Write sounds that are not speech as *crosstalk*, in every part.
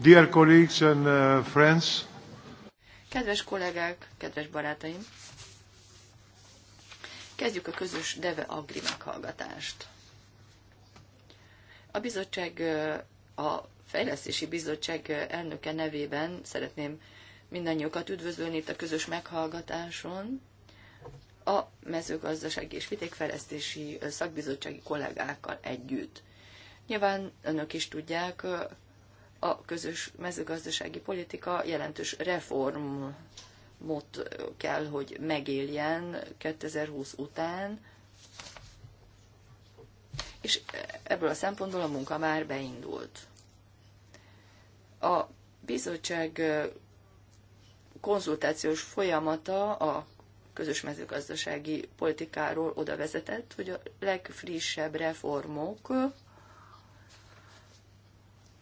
Dear colleagues and uh, friends. Kedves kollégák, kedves barátaim. Kezdjük a közös Deve Agri meghallgatást. A bizottság, uh, a Fejlesztési Bizottság uh, elnöke nevében szeretném mindannyiukat üdvözölni itt a közös meghallgatáson. A mezőgazdasági és vitékfejlesztési uh, szakbizottsági kollégákkal együtt. Nyilván önök is tudják, a közös mezőgazdasági politika jelentős reformot kell, hogy megéljen 2020 után, és ebből a szempontból a munka már beindult. A bizottság konzultációs folyamata a közös mezőgazdasági politikáról oda vezetett, hogy a legfrissebb reformok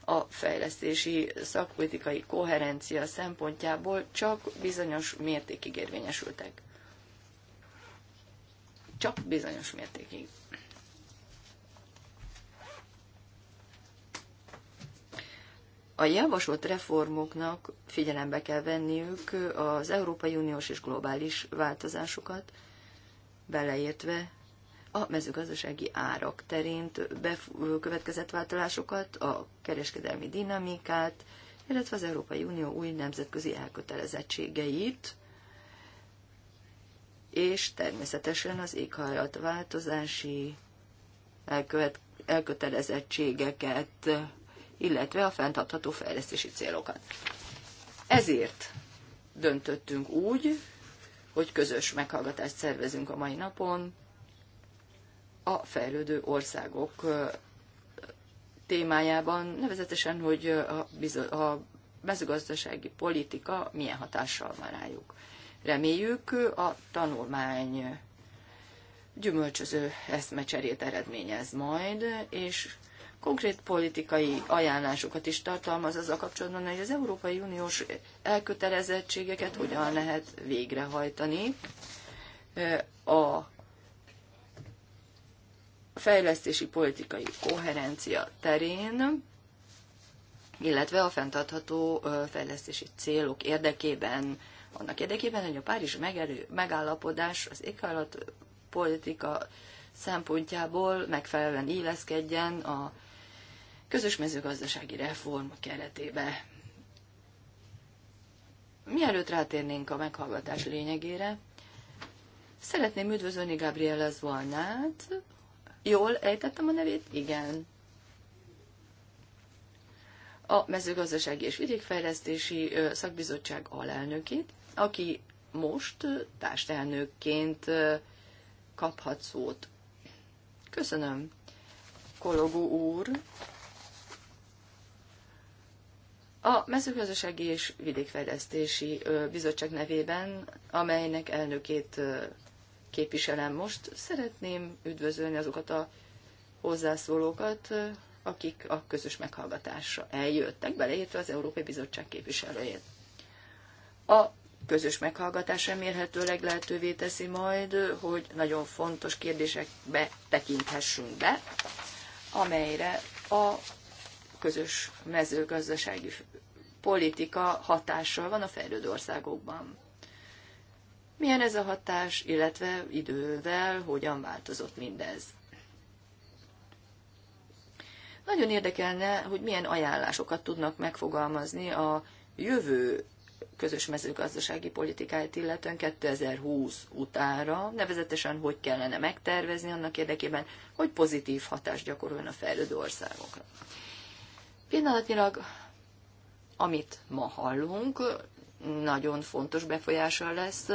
a fejlesztési szakpolitikai koherencia szempontjából csak bizonyos mértékig érvényesültek. Csak bizonyos mértékig. A javasolt reformoknak figyelembe kell venniük az Európai Uniós és globális változásokat, beleértve a mezőgazdasági árak terén következett változásokat, a kereskedelmi dinamikát, illetve az Európai Unió új nemzetközi elkötelezettségeit, és természetesen az éghajlat változási elkötelezettségeket, illetve a fenntartható fejlesztési célokat. Ezért döntöttünk úgy, hogy közös meghallgatást szervezünk a mai napon, a fejlődő országok témájában, nevezetesen, hogy a mezőgazdasági politika milyen hatással van rájuk. Reméljük a tanulmány gyümölcsöző eszmecserét eredményez majd, és konkrét politikai ajánlásokat is tartalmaz az a kapcsolatban, hogy az Európai Uniós elkötelezettségeket hogyan lehet végrehajtani a fejlesztési politikai koherencia terén, illetve a fenntartható fejlesztési célok érdekében, annak érdekében, hogy a Párizs megerő, megállapodás az éghajlatpolitika szempontjából megfelelően illeszkedjen a közös mezőgazdasági reform keretébe. Mielőtt rátérnénk a meghallgatás lényegére, szeretném üdvözölni Gabriela Zvolnát, Jól ejtettem a nevét? Igen. A mezőgazdasági és vidékfejlesztési szakbizottság alelnökét, aki most társelnökként kaphat szót. Köszönöm, Kologó úr. A mezőgazdasági és vidékfejlesztési bizottság nevében, amelynek elnökét képviselem most. Szeretném üdvözölni azokat a hozzászólókat, akik a közös meghallgatásra eljöttek, beleértve az Európai Bizottság képviselőjét. A közös meghallgatás remélhetőleg lehetővé teszi majd, hogy nagyon fontos kérdésekbe tekinthessünk be, amelyre a közös mezőgazdasági politika hatással van a fejlődő országokban. Milyen ez a hatás, illetve idővel hogyan változott mindez? Nagyon érdekelne, hogy milyen ajánlásokat tudnak megfogalmazni a jövő közös mezőgazdasági politikáját illetően 2020 utára, nevezetesen hogy kellene megtervezni annak érdekében, hogy pozitív hatást gyakoroljon a fejlődő országokra. Pillanatnyilag, amit ma hallunk, nagyon fontos befolyással lesz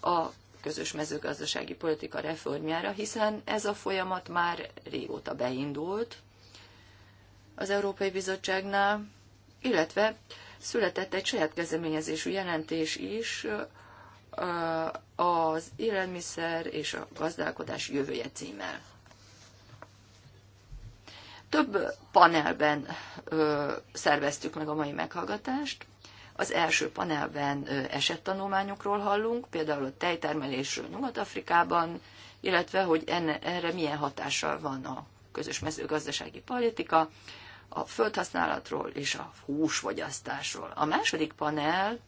a közös mezőgazdasági politika reformjára, hiszen ez a folyamat már régóta beindult az Európai Bizottságnál, illetve született egy saját kezdeményezésű jelentés is az élelmiszer és a gazdálkodás jövője címmel. Több panelben ö, szerveztük meg a mai meghallgatást, az első panelben esettanulmányokról hallunk, például a tejtermelésről Nyugat-Afrikában, illetve hogy enne, erre milyen hatással van a közös mezőgazdasági politika, a földhasználatról és a húsfogyasztásról. A második panel,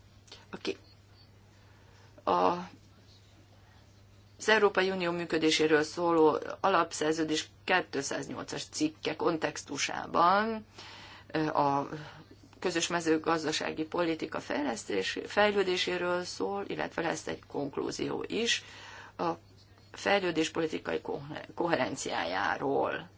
aki a az Európai Unió működéséről szóló alapszerződés 208-as cikke kontextusában a közös mezőgazdasági politika fejlődéséről szól, illetve lesz egy konklúzió is a politikai koherenciájáról.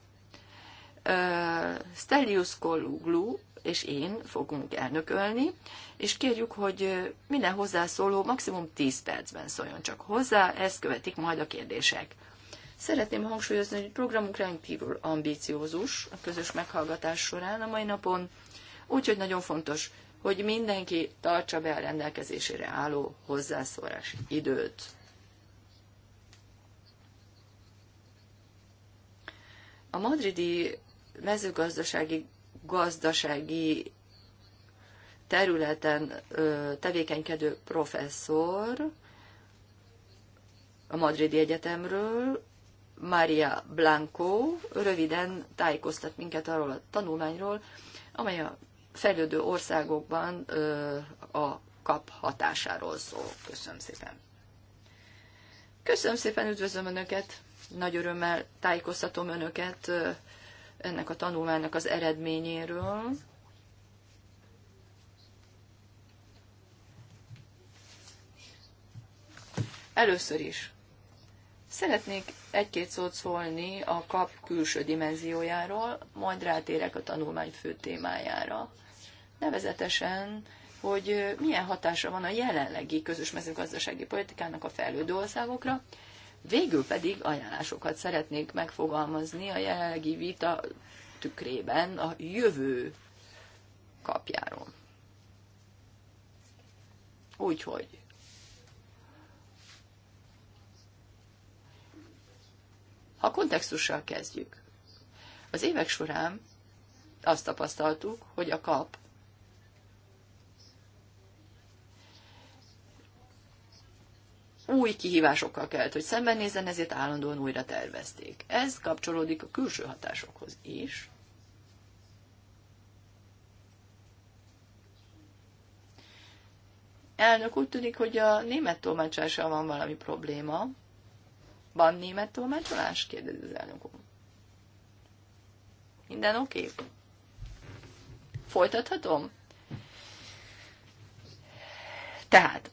Stelius Koluglu és én fogunk elnökölni, és kérjük, hogy minden hozzászóló maximum 10 percben szóljon csak hozzá, ezt követik majd a kérdések. Szeretném hangsúlyozni, hogy programunk rendkívül ambiciózus a közös meghallgatás során a mai napon, Úgyhogy nagyon fontos, hogy mindenki tartsa be a rendelkezésére álló hozzászólás időt. A madridi mezőgazdasági gazdasági területen ö, tevékenykedő professzor a Madridi Egyetemről, Maria Blanco röviden tájékoztat minket arról a tanulmányról, amely a fejlődő országokban a kap hatásáról szól. Köszönöm szépen. Köszönöm szépen, üdvözlöm Önöket, nagy örömmel tájékoztatom Önöket ennek a tanulmánynak az eredményéről. Először is szeretnék egy-két szót szólni a kap külső dimenziójáról, majd rátérek a tanulmány fő témájára nevezetesen, hogy milyen hatása van a jelenlegi közös mezőgazdasági politikának a fejlődő országokra, végül pedig ajánlásokat szeretnék megfogalmazni a jelenlegi vita tükrében a jövő kapjáról. Úgyhogy A kontextussal kezdjük. Az évek során azt tapasztaltuk, hogy a kap új kihívásokkal kellett, hogy szembenézzen, ezért állandóan újra tervezték. Ez kapcsolódik a külső hatásokhoz is. Elnök, úgy tűnik, hogy a német tolmácsással van valami probléma. Van német tolmácsolás? kérdezi az elnök úr. Minden oké? Okay? Folytathatom? Tehát,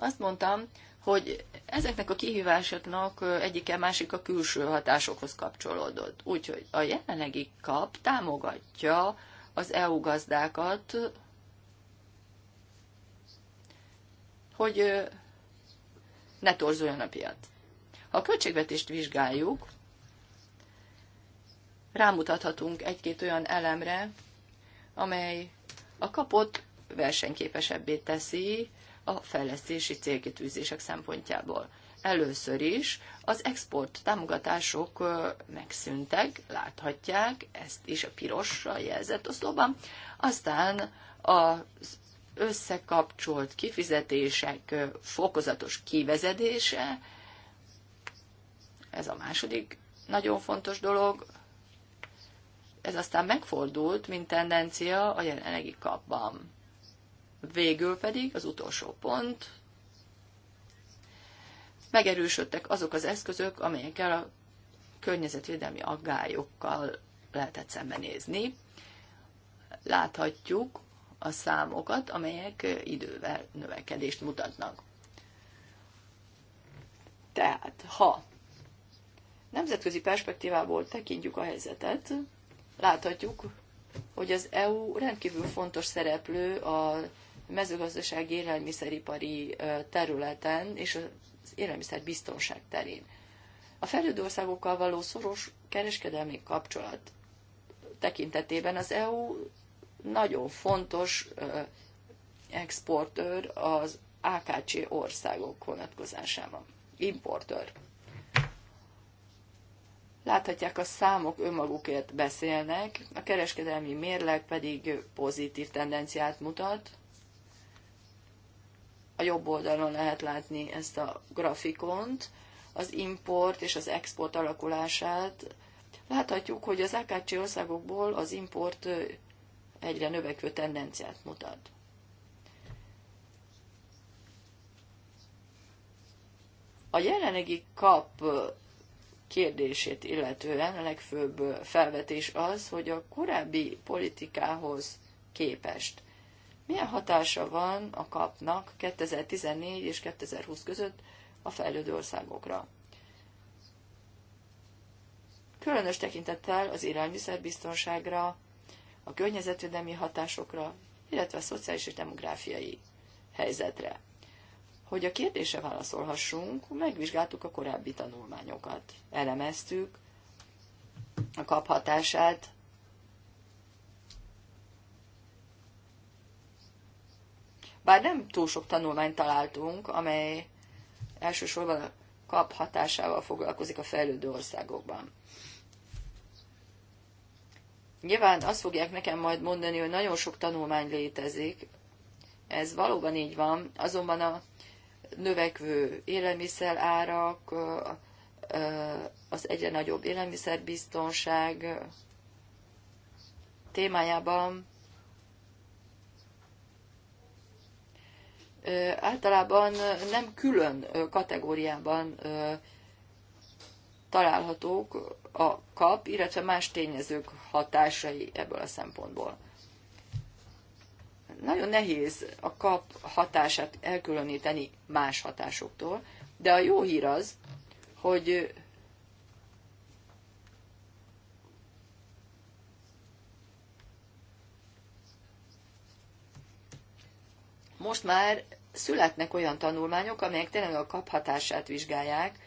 azt mondtam, hogy ezeknek a kihívásoknak egyike másik a külső hatásokhoz kapcsolódott. Úgyhogy a jelenlegi kap támogatja az EU gazdákat, hogy ne torzuljon a piac. Ha a költségvetést vizsgáljuk, rámutathatunk egy-két olyan elemre, amely a kapot versenyképesebbé teszi, a fejlesztési célkitűzések szempontjából. Először is az export támogatások megszűntek, láthatják, ezt is a pirosra jelzett oszlopban, aztán az összekapcsolt kifizetések fokozatos kivezetése ez a második nagyon fontos dolog, ez aztán megfordult, mint tendencia a jelenlegi kapban. Végül pedig az utolsó pont, megerősödtek azok az eszközök, amelyekkel a környezetvédelmi aggályokkal lehetett szembenézni. Láthatjuk a számokat, amelyek idővel növekedést mutatnak. Tehát, ha nemzetközi perspektívából tekintjük a helyzetet, láthatjuk, hogy az EU rendkívül fontos szereplő a mezőgazdasági élelmiszeripari területen és az biztonság terén. A fejlődő országokkal való szoros kereskedelmi kapcsolat tekintetében az EU nagyon fontos exportőr az AKC országok vonatkozásában. Importőr. Láthatják, a számok önmagukért beszélnek, a kereskedelmi mérleg pedig pozitív tendenciát mutat, a jobb oldalon lehet látni ezt a grafikont, az import és az export alakulását. Láthatjuk, hogy az AKC országokból az import egyre növekvő tendenciát mutat. A jelenlegi kap kérdését illetően a legfőbb felvetés az, hogy a korábbi politikához képest milyen hatása van a kapnak 2014 és 2020 között a fejlődő országokra. Különös tekintettel az élelmiszerbiztonságra, a környezetvédelmi hatásokra, illetve a szociális és demográfiai helyzetre. Hogy a kérdése válaszolhassunk, megvizsgáltuk a korábbi tanulmányokat, elemeztük a kaphatását Bár nem túl sok tanulmányt találtunk, amely elsősorban a kap hatásával foglalkozik a fejlődő országokban. Nyilván azt fogják nekem majd mondani, hogy nagyon sok tanulmány létezik. Ez valóban így van, azonban a növekvő élelmiszer árak, az egyre nagyobb élelmiszerbiztonság témájában általában nem külön kategóriában találhatók a kap, illetve más tényezők hatásai ebből a szempontból. Nagyon nehéz a kap hatását elkülöníteni más hatásoktól, de a jó hír az, hogy most már születnek olyan tanulmányok, amelyek tényleg a kaphatását vizsgálják,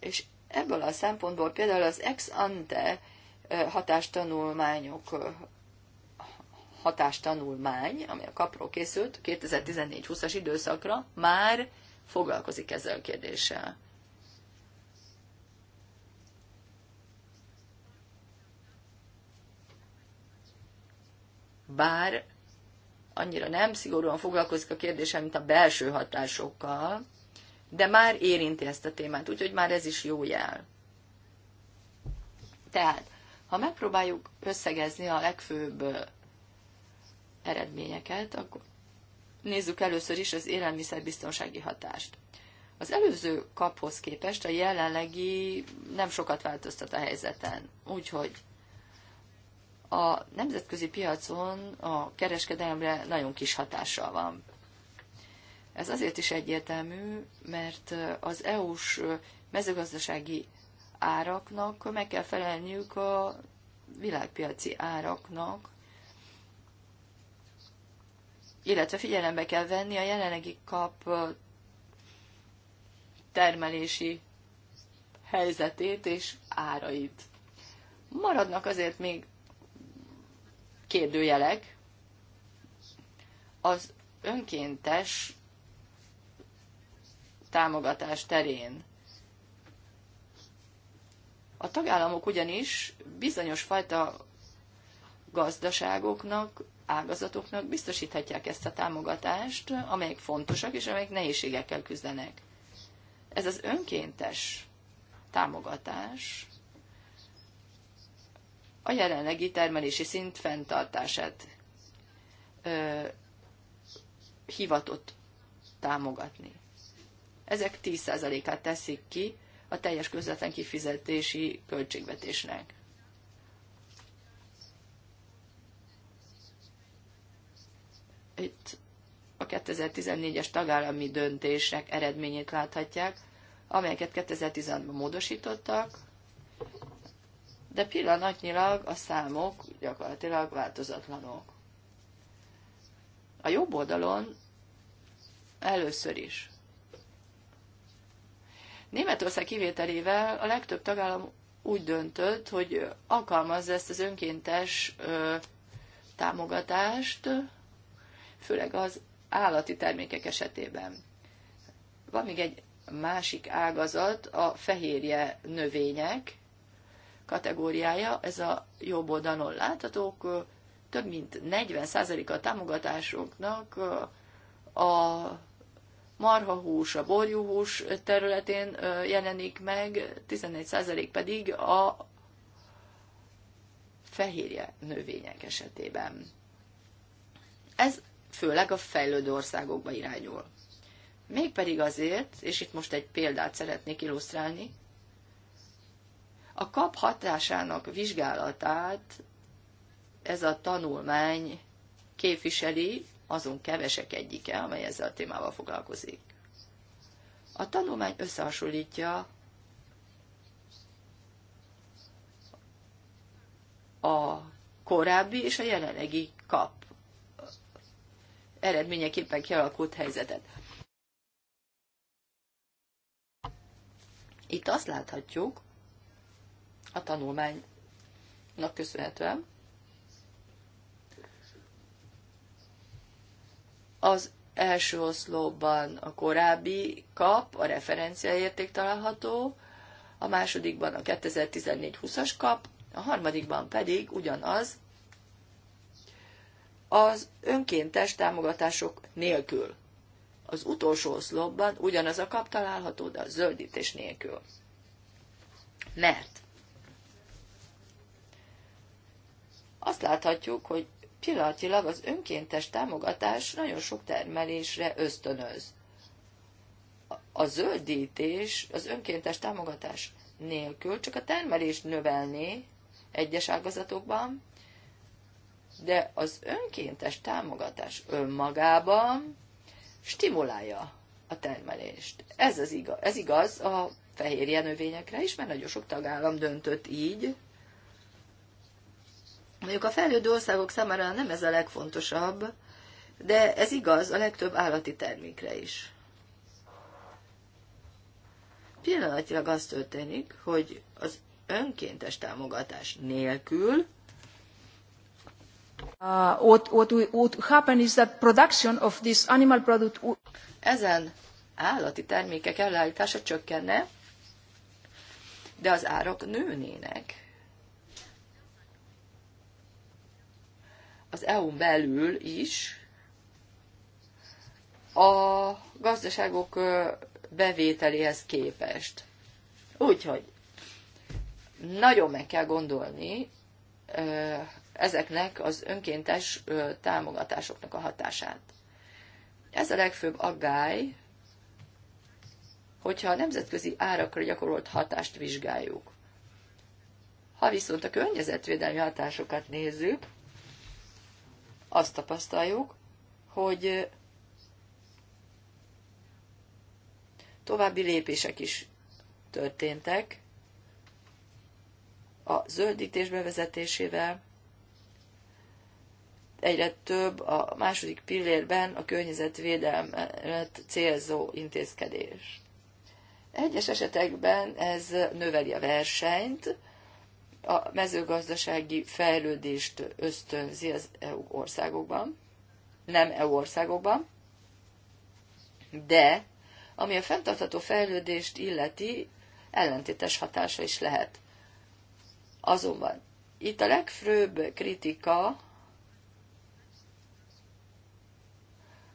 és ebből a szempontból például az ex ante hatástanulmányok hatástanulmány, ami a kapról készült 2014-20-as időszakra, már foglalkozik ezzel a kérdéssel. Bár annyira nem szigorúan foglalkozik a kérdéssel, mint a belső hatásokkal, de már érinti ezt a témát, úgyhogy már ez is jó jel. Tehát, ha megpróbáljuk összegezni a legfőbb eredményeket, akkor nézzük először is az élelmiszerbiztonsági hatást. Az előző kaphoz képest a jelenlegi nem sokat változtat a helyzeten. Úgyhogy a nemzetközi piacon a kereskedelemre nagyon kis hatással van. Ez azért is egyértelmű, mert az EU-s mezőgazdasági áraknak meg kell felelniük a világpiaci áraknak, illetve figyelembe kell venni a jelenlegi kap termelési helyzetét és árait. Maradnak azért még kérdőjelek. Az önkéntes támogatás terén. A tagállamok ugyanis bizonyos fajta gazdaságoknak, ágazatoknak biztosíthatják ezt a támogatást, amelyek fontosak és amelyek nehézségekkel küzdenek. Ez az önkéntes támogatás a jelenlegi termelési szint fenntartását ö, hivatott támogatni. Ezek 10%-át teszik ki a teljes közvetlen kifizetési költségvetésnek. Itt a 2014-es tagállami döntések eredményét láthatják, amelyeket 2016-ban módosítottak, de pillanatnyilag a számok gyakorlatilag változatlanok. A jobb oldalon először is. Németország kivételével a legtöbb tagállam úgy döntött, hogy alkalmazza ezt az önkéntes ö, támogatást, főleg az állati termékek esetében. Van még egy másik ágazat, a fehérje növények, kategóriája, ez a jobb oldalon láthatók, több mint 40% a támogatásoknak a marhahús, a borjúhús területén jelenik meg, 11% pedig a fehérje növények esetében. Ez főleg a fejlődő országokba irányul. Mégpedig azért, és itt most egy példát szeretnék illusztrálni, a kap hatásának vizsgálatát ez a tanulmány képviseli, azon kevesek egyike, amely ezzel a témával foglalkozik. A tanulmány összehasonlítja a korábbi és a jelenlegi kap eredményeképpen kialakult helyzetet. Itt azt láthatjuk, a tanulmánynak köszönhetően. Az első oszlopban a korábbi kap, a referenciaérték található, a másodikban a 2014-20-as kap, a harmadikban pedig ugyanaz, az önkéntes támogatások nélkül. Az utolsó oszlopban ugyanaz a kap található, de a zöldítés nélkül. Mert azt láthatjuk, hogy pillanatilag az önkéntes támogatás nagyon sok termelésre ösztönöz. A zöldítés az önkéntes támogatás nélkül csak a termelést növelné egyes ágazatokban, de az önkéntes támogatás önmagában stimulálja a termelést. Ez, az igaz, ez igaz a fehérje növényekre is, mert nagyon sok tagállam döntött így, Mondjuk a fejlődő országok számára nem ez a legfontosabb, de ez igaz a legtöbb állati termékre is. Pillanatilag az történik, hogy az önkéntes támogatás nélkül Uh, what, what happen is that production of this animal product Ezen állati termékek előállítása csökkenne, de az árak nőnének. az EU-n belül is a gazdaságok bevételéhez képest. Úgyhogy nagyon meg kell gondolni ezeknek az önkéntes támogatásoknak a hatását. Ez a legfőbb aggály, hogyha a nemzetközi árakra gyakorolt hatást vizsgáljuk. Ha viszont a környezetvédelmi hatásokat nézzük, azt tapasztaljuk, hogy további lépések is történtek a zöldítés bevezetésével, egyre több a második pillérben a környezetvédelmet célzó intézkedés. Egyes esetekben ez növeli a versenyt, a mezőgazdasági fejlődést ösztönzi az EU országokban, nem EU országokban, de ami a fenntartható fejlődést illeti, ellentétes hatása is lehet. Azonban itt a legfőbb kritika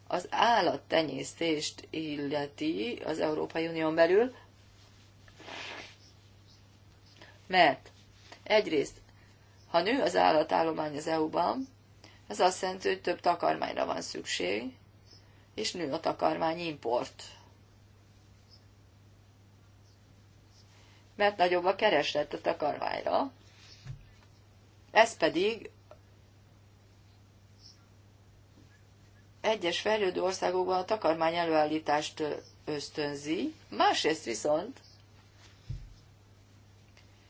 az állattenyésztést illeti az Európai Unión belül, mert Egyrészt, ha nő az állatállomány az EU-ban, ez azt jelenti, hogy több takarmányra van szükség, és nő a takarmány import. Mert nagyobb a kereslet a takarmányra, ez pedig egyes fejlődő országokban a takarmány előállítást ösztönzi, másrészt viszont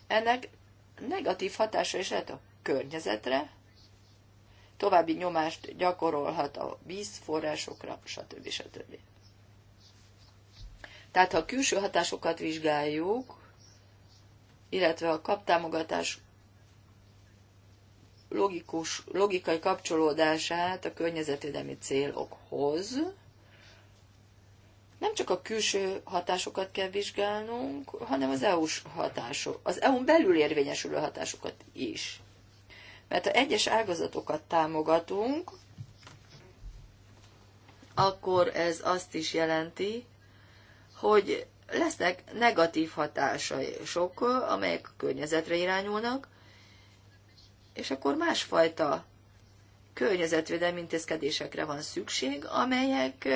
ennek negatív hatása is lehet a környezetre, további nyomást gyakorolhat a vízforrásokra, stb. stb. Tehát, ha a külső hatásokat vizsgáljuk, illetve a kaptámogatás logikus, logikai kapcsolódását a környezetvédelmi célokhoz, nem csak a külső hatásokat kell vizsgálnunk, hanem az EU-s hatások, az EU-n belül érvényesülő hatásokat is. Mert ha egyes ágazatokat támogatunk, akkor ez azt is jelenti, hogy lesznek negatív hatásai sok, amelyek környezetre irányulnak, és akkor másfajta környezetvédelmi intézkedésekre van szükség, amelyek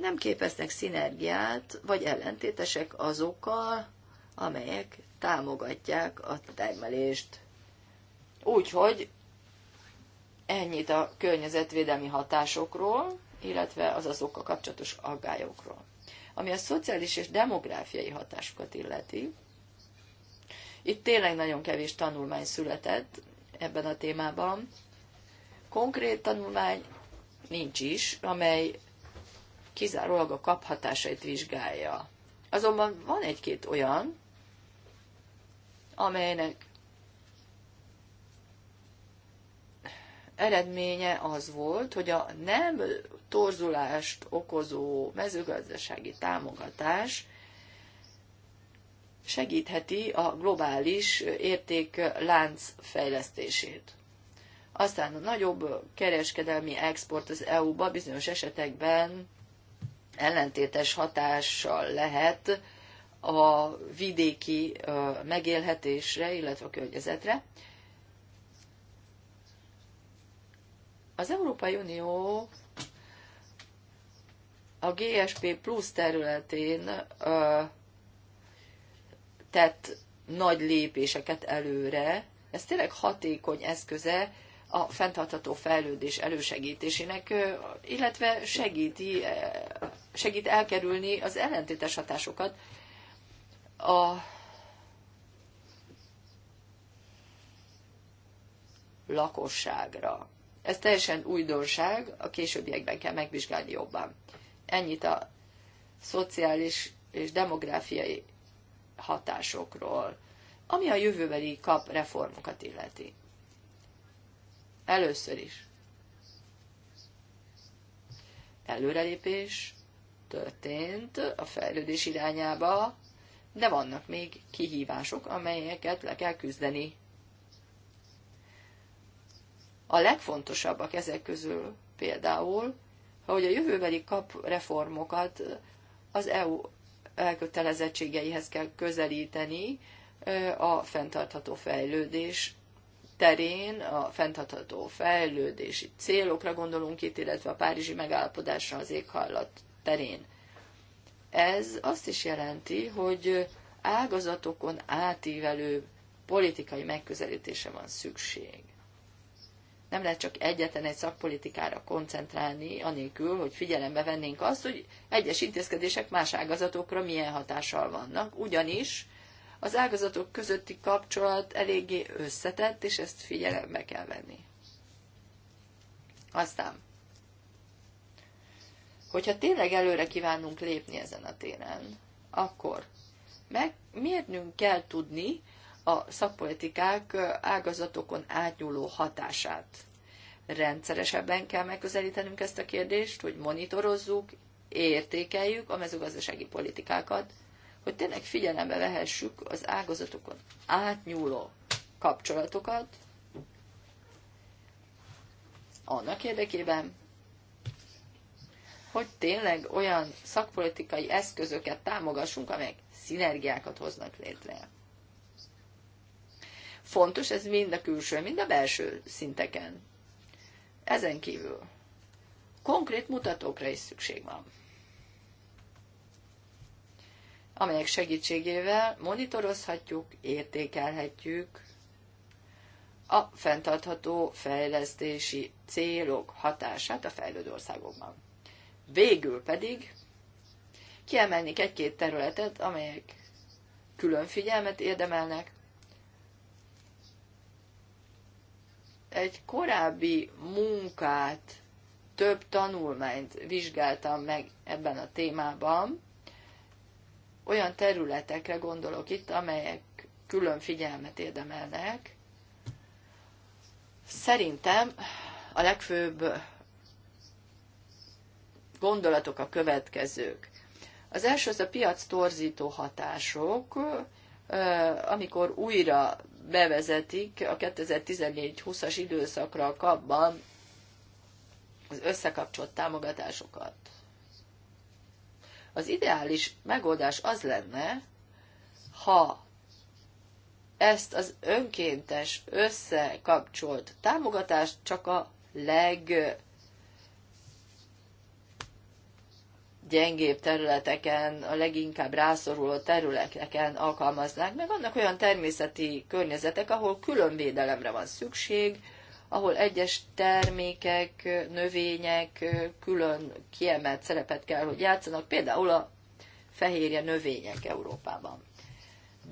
nem képeznek szinergiát, vagy ellentétesek azokkal, amelyek támogatják a termelést. Úgyhogy ennyit a környezetvédelmi hatásokról, illetve az azokkal kapcsolatos aggályokról. Ami a szociális és demográfiai hatásokat illeti, itt tényleg nagyon kevés tanulmány született ebben a témában. Konkrét tanulmány nincs is, amely kizárólag a kaphatásait vizsgálja. Azonban van egy-két olyan, amelynek eredménye az volt, hogy a nem torzulást okozó mezőgazdasági támogatás segítheti a globális értéklánc fejlesztését. Aztán a nagyobb kereskedelmi export az EU-ba bizonyos esetekben ellentétes hatással lehet a vidéki megélhetésre, illetve a környezetre. Az Európai Unió a GSP plusz területén ö, tett nagy lépéseket előre. Ez tényleg hatékony eszköze a fenntartható fejlődés elősegítésének, illetve segíti segít elkerülni az ellentétes hatásokat. A lakosságra. Ez teljesen újdonság, a későbbiekben kell megvizsgálni jobban. Ennyit a szociális és demográfiai hatásokról, ami a jövőbeli kap reformokat illeti. Először is. Előrelépés történt a fejlődés irányába, de vannak még kihívások, amelyeket le kell küzdeni. A legfontosabbak ezek közül például, hogy a jövőbeli kap reformokat az EU elkötelezettségeihez kell közelíteni a fenntartható fejlődés terén, a fenntartható fejlődési célokra gondolunk itt, illetve a Párizsi megállapodásra az éghajlat terén. Ez azt is jelenti, hogy ágazatokon átívelő politikai megközelítése van szükség. Nem lehet csak egyetlen egy szakpolitikára koncentrálni, anélkül, hogy figyelembe vennénk azt, hogy egyes intézkedések más ágazatokra milyen hatással vannak, ugyanis az ágazatok közötti kapcsolat eléggé összetett, és ezt figyelembe kell venni. Aztán hogyha tényleg előre kívánunk lépni ezen a téren, akkor meg mérnünk kell tudni a szakpolitikák ágazatokon átnyúló hatását. Rendszeresebben kell megközelítenünk ezt a kérdést, hogy monitorozzuk, értékeljük a mezőgazdasági politikákat, hogy tényleg figyelembe vehessük az ágazatokon átnyúló kapcsolatokat, annak érdekében, hogy tényleg olyan szakpolitikai eszközöket támogassunk, amelyek szinergiákat hoznak létre. Fontos ez mind a külső, mind a belső szinteken. Ezen kívül konkrét mutatókra is szükség van, amelyek segítségével monitorozhatjuk, értékelhetjük a fenntartható fejlesztési célok hatását a fejlődő országokban. Végül pedig kiemelnék egy-két területet, amelyek külön figyelmet érdemelnek. Egy korábbi munkát, több tanulmányt vizsgáltam meg ebben a témában. Olyan területekre gondolok itt, amelyek külön figyelmet érdemelnek. Szerintem a legfőbb gondolatok a következők. Az első az a piac torzító hatások, amikor újra bevezetik a 2014-20-as időszakra a kapban az összekapcsolt támogatásokat. Az ideális megoldás az lenne, ha ezt az önkéntes összekapcsolt támogatást csak a leg gyengébb területeken, a leginkább rászoruló területeken alkalmaznák, meg vannak olyan természeti környezetek, ahol külön védelemre van szükség, ahol egyes termékek, növények külön kiemelt szerepet kell, hogy játszanak, például a fehérje növények Európában.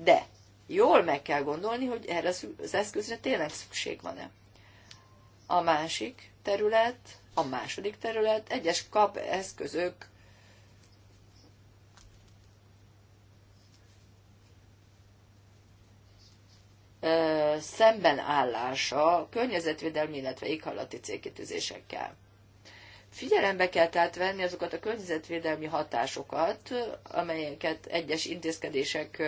De jól meg kell gondolni, hogy erre az eszközre tényleg szükség van-e. A másik terület, a második terület, egyes kap eszközök szembenállása környezetvédelmi, illetve éghajlati célkitűzésekkel. Figyelembe kell tehát venni azokat a környezetvédelmi hatásokat, amelyeket egyes intézkedések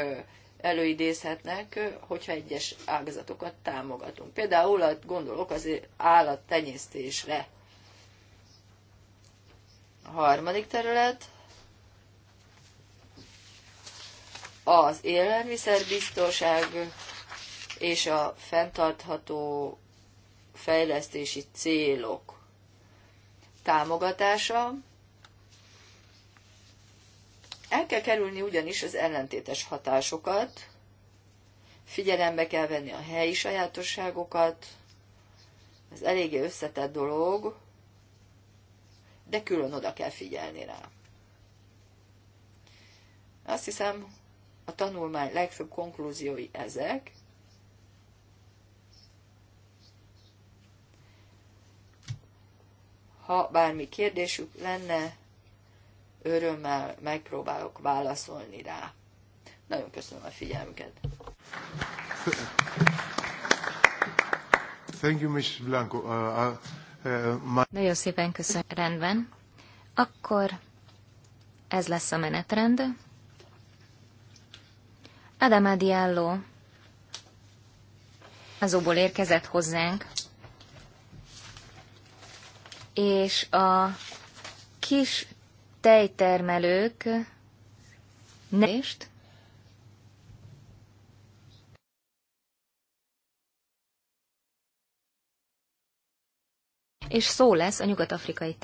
előidézhetnek, hogyha egyes ágazatokat támogatunk. Például gondolok az állattenyésztésre. A harmadik terület az élelmiszerbiztonság és a fenntartható fejlesztési célok támogatása. El kell kerülni ugyanis az ellentétes hatásokat, figyelembe kell venni a helyi sajátosságokat, ez eléggé összetett dolog, de külön oda kell figyelni rá. Azt hiszem, a tanulmány legfőbb konklúziói ezek, Ha bármi kérdésük lenne, örömmel megpróbálok válaszolni rá. Nagyon köszönöm a figyelmüket. Thank you, Ms. Blanco. Uh, uh, uh, my... Nagyon szépen köszönöm. Rendben. Akkor ez lesz a menetrend. Adama Diallo azóból érkezett hozzánk, és a kis tejtermelők nést, és szó lesz a nyugat-afrikai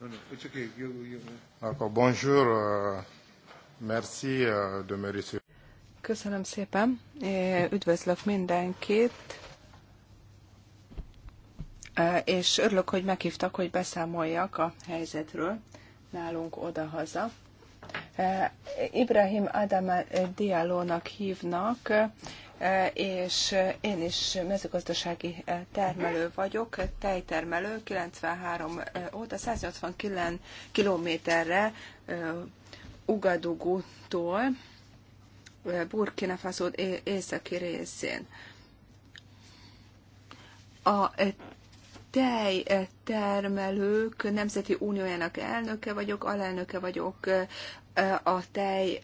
uh. Bonjour, euh, merci euh, de me recevoir. Köszönöm szépen, üdvözlök mindenkit, és örülök, hogy meghívtak, hogy beszámoljak a helyzetről nálunk odahaza. Ibrahim Adam Dialónak hívnak, és én is mezőgazdasági termelő vagyok, tejtermelő, 93 óta 189 kilométerre Ugadugutól, Burkina Faso északi részén. A eh, tejtermelők eh, Nemzeti Uniójának elnöke vagyok, alelnöke vagyok eh, a tej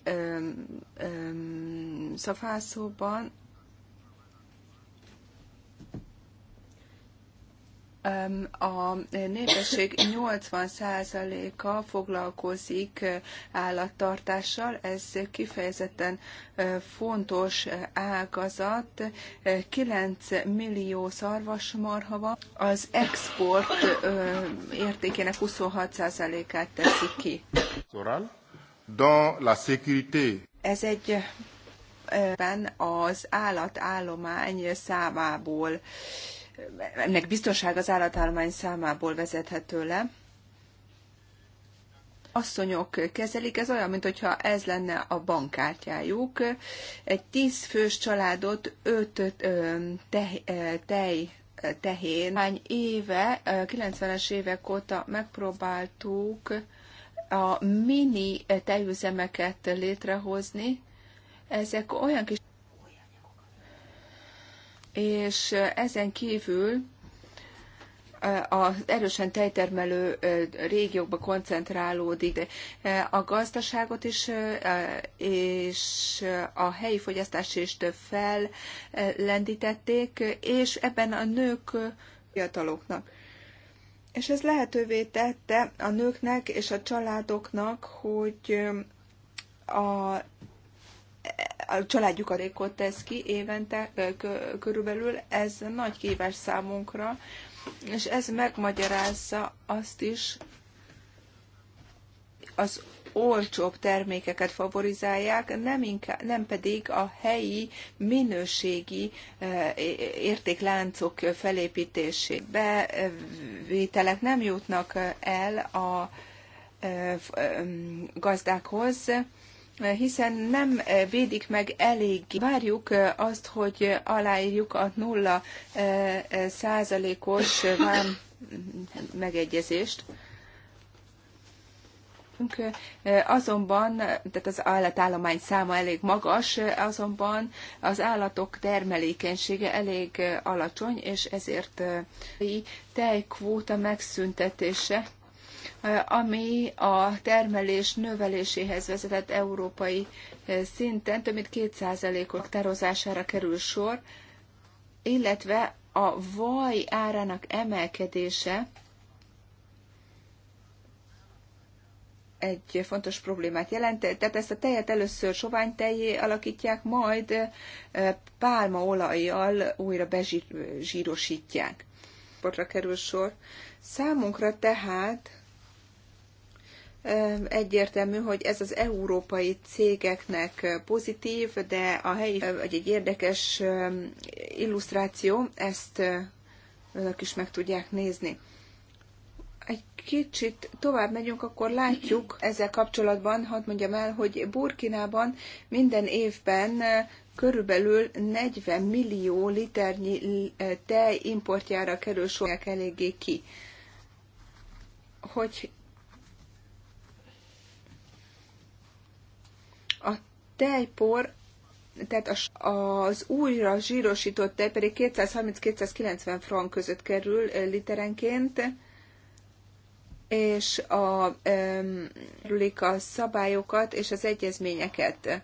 szafászóban, A népesség 80%-a foglalkozik állattartással, ez kifejezetten fontos ágazat. 9 millió szarvasmarha van, az export értékének 26%-át teszi ki. Ez egy az állatállomány számából ennek biztonság az állatállomány számából vezethető le. Asszonyok kezelik, ez olyan, mintha ez lenne a bankkártyájuk. Egy tíz fős családot öt tej, tej tehén. Hány éve, 90-es évek óta megpróbáltuk a mini tejüzemeket létrehozni. Ezek olyan kis és ezen kívül az erősen tejtermelő régiókba koncentrálódik, de a gazdaságot is, és a helyi fogyasztást is fellendítették, és ebben a nők fiataloknak. És ez lehetővé tette a nőknek és a családoknak, hogy a a családjuk adékot tesz ki évente körülbelül, ez nagy kívás számunkra, és ez megmagyarázza azt is, az olcsóbb termékeket favorizálják, nem, inkább, nem pedig a helyi minőségi értékláncok felépítését. Bevételek nem jutnak el a gazdákhoz, hiszen nem eh, védik meg elég. Várjuk eh, azt, hogy aláírjuk a nulla eh, százalékos vám megegyezést. Azonban, tehát az állatállomány száma elég magas, azonban az állatok termelékenysége elég alacsony, és ezért tejkvóta megszüntetése ami a termelés növeléséhez vezetett európai eh, szinten több mint 2%-ok tározására kerül sor, illetve a vaj árának emelkedése egy fontos problémát jelent. Tehát ezt a tejet először sovány tejé alakítják, majd eh, pálmaolajjal újra bezsírosítják. Bezsír, kerül sor. Számunkra tehát Egyértelmű, hogy ez az európai cégeknek pozitív, de a helyi, vagy egy érdekes illusztráció, ezt önök is meg tudják nézni. Egy kicsit tovább megyünk, akkor látjuk ezzel kapcsolatban, hadd mondjam el, hogy Burkinában minden évben körülbelül 40 millió liternyi tej importjára kerül sor, eléggé ki. Hogy tejpor, tehát az újra zsírosított tej pedig 230-290 frank között kerül literenként, és a, um, a szabályokat és az egyezményeket.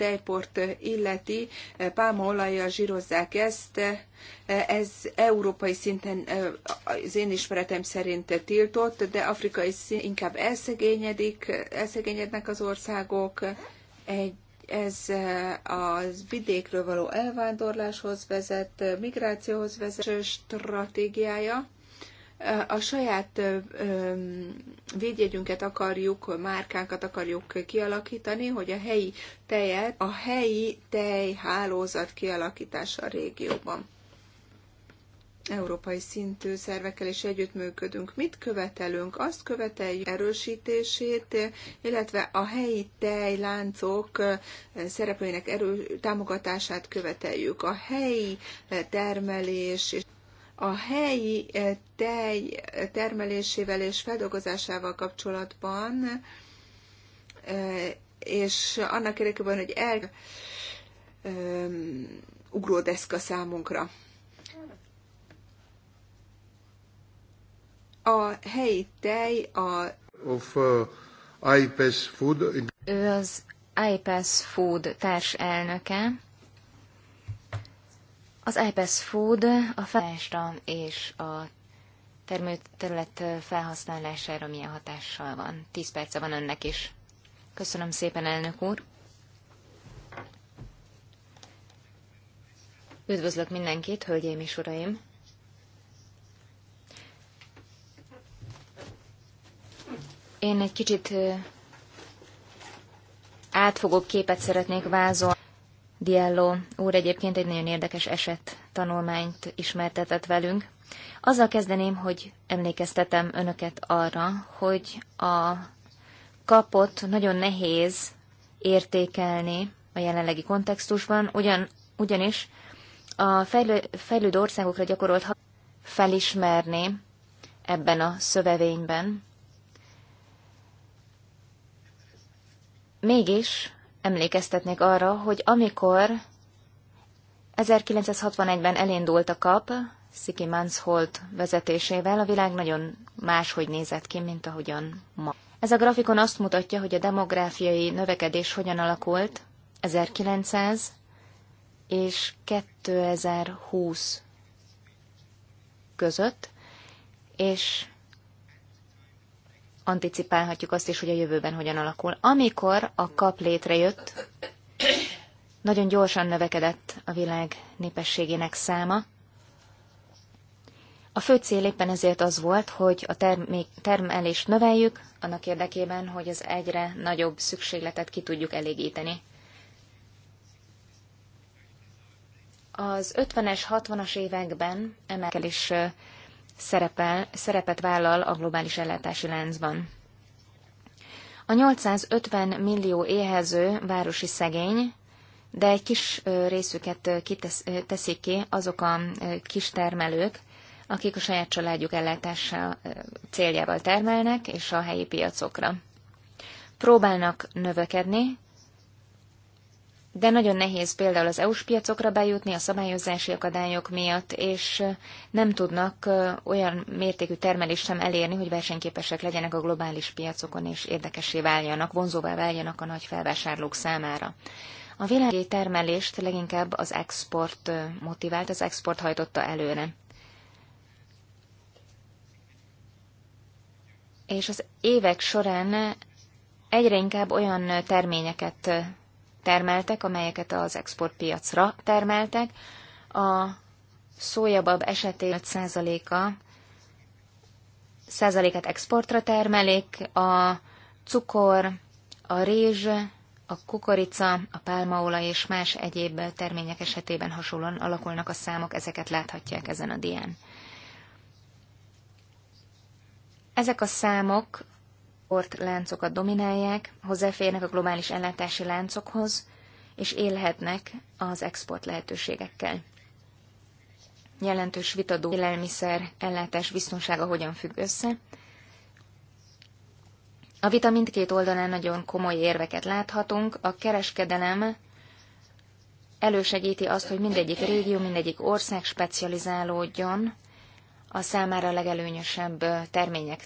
tejport illeti, eh, pálmaolajjal zsírozzák ezt, eh, ez európai szinten eh, az én ismeretem szerint tiltott, de afrikai szinten inkább elszegényedik, elszegényednek az országok, egy ez a vidékről való elvándorláshoz vezet, migrációhoz vezet stratégiája a saját védjegyünket akarjuk, márkánkat akarjuk kialakítani, hogy a helyi tejet, a helyi tejhálózat kialakítása a régióban. Európai szintű szervekkel is együttműködünk. Mit követelünk? Azt követeljük erősítését, illetve a helyi tejláncok szereplőinek erő, támogatását követeljük. A helyi termelés és a helyi eh, tej eh, termelésével és feldolgozásával kapcsolatban, eh, és annak érdekében, hogy el ugródeszka számunkra. A helyi tej a of, uh, Food. Ő az IPES Food társelnöke, az IPES Food a felhasználásra és a termőterület felhasználására milyen hatással van? Tíz perce van önnek is. Köszönöm szépen, elnök úr. Üdvözlök mindenkit, hölgyeim és uraim! Én egy kicsit átfogó képet szeretnék vázolni Diello, úr egyébként egy nagyon érdekes eset tanulmányt ismertetett velünk. Azzal kezdeném, hogy emlékeztetem önöket arra, hogy a kapot nagyon nehéz értékelni a jelenlegi kontextusban, ugyan, ugyanis a fejlő, fejlődő országokra gyakorolt felismerni ebben a szövevényben. Mégis emlékeztetnék arra, hogy amikor 1961-ben elindult a kap, Sziki Mansholt vezetésével a világ nagyon máshogy nézett ki, mint ahogyan ma. Ez a grafikon azt mutatja, hogy a demográfiai növekedés hogyan alakult 1900 és 2020 között, és anticipálhatjuk azt is, hogy a jövőben hogyan alakul. Amikor a kap létrejött, nagyon gyorsan növekedett a világ népességének száma. A fő cél éppen ezért az volt, hogy a termék, termelést növeljük, annak érdekében, hogy az egyre nagyobb szükségletet ki tudjuk elégíteni. Az 50-es, 60-as években emelkedés is szerepel, szerepet vállal a globális ellátási láncban. A 850 millió éhező városi szegény, de egy kis részüket kiteszik ki azok a kis termelők, akik a saját családjuk ellátása céljával termelnek, és a helyi piacokra. Próbálnak növekedni, de nagyon nehéz például az EU-s piacokra bejutni a szabályozási akadályok miatt, és nem tudnak olyan mértékű termelést sem elérni, hogy versenyképesek legyenek a globális piacokon, és érdekessé váljanak, vonzóvá váljanak a nagy felvásárlók számára. A világi termelést leginkább az export motivált, az export hajtotta előre. És az évek során egyre inkább olyan terményeket termeltek, amelyeket az exportpiacra termeltek. A szójabab esetén 5 százaléka százaléket exportra termelik, a cukor, a rizs, a kukorica, a pálmaolaj és más egyéb termények esetében hasonlóan alakulnak a számok, ezeket láthatják ezen a dián. Ezek a számok láncokat dominálják, hozzáférnek a globális ellátási láncokhoz, és élhetnek az export lehetőségekkel. Jelentős vitadó élelmiszer ellátás biztonsága hogyan függ össze. A vita mindkét oldalán nagyon komoly érveket láthatunk. A kereskedelem elősegíti azt, hogy mindegyik régió, mindegyik ország specializálódjon a számára legelőnyösebb termények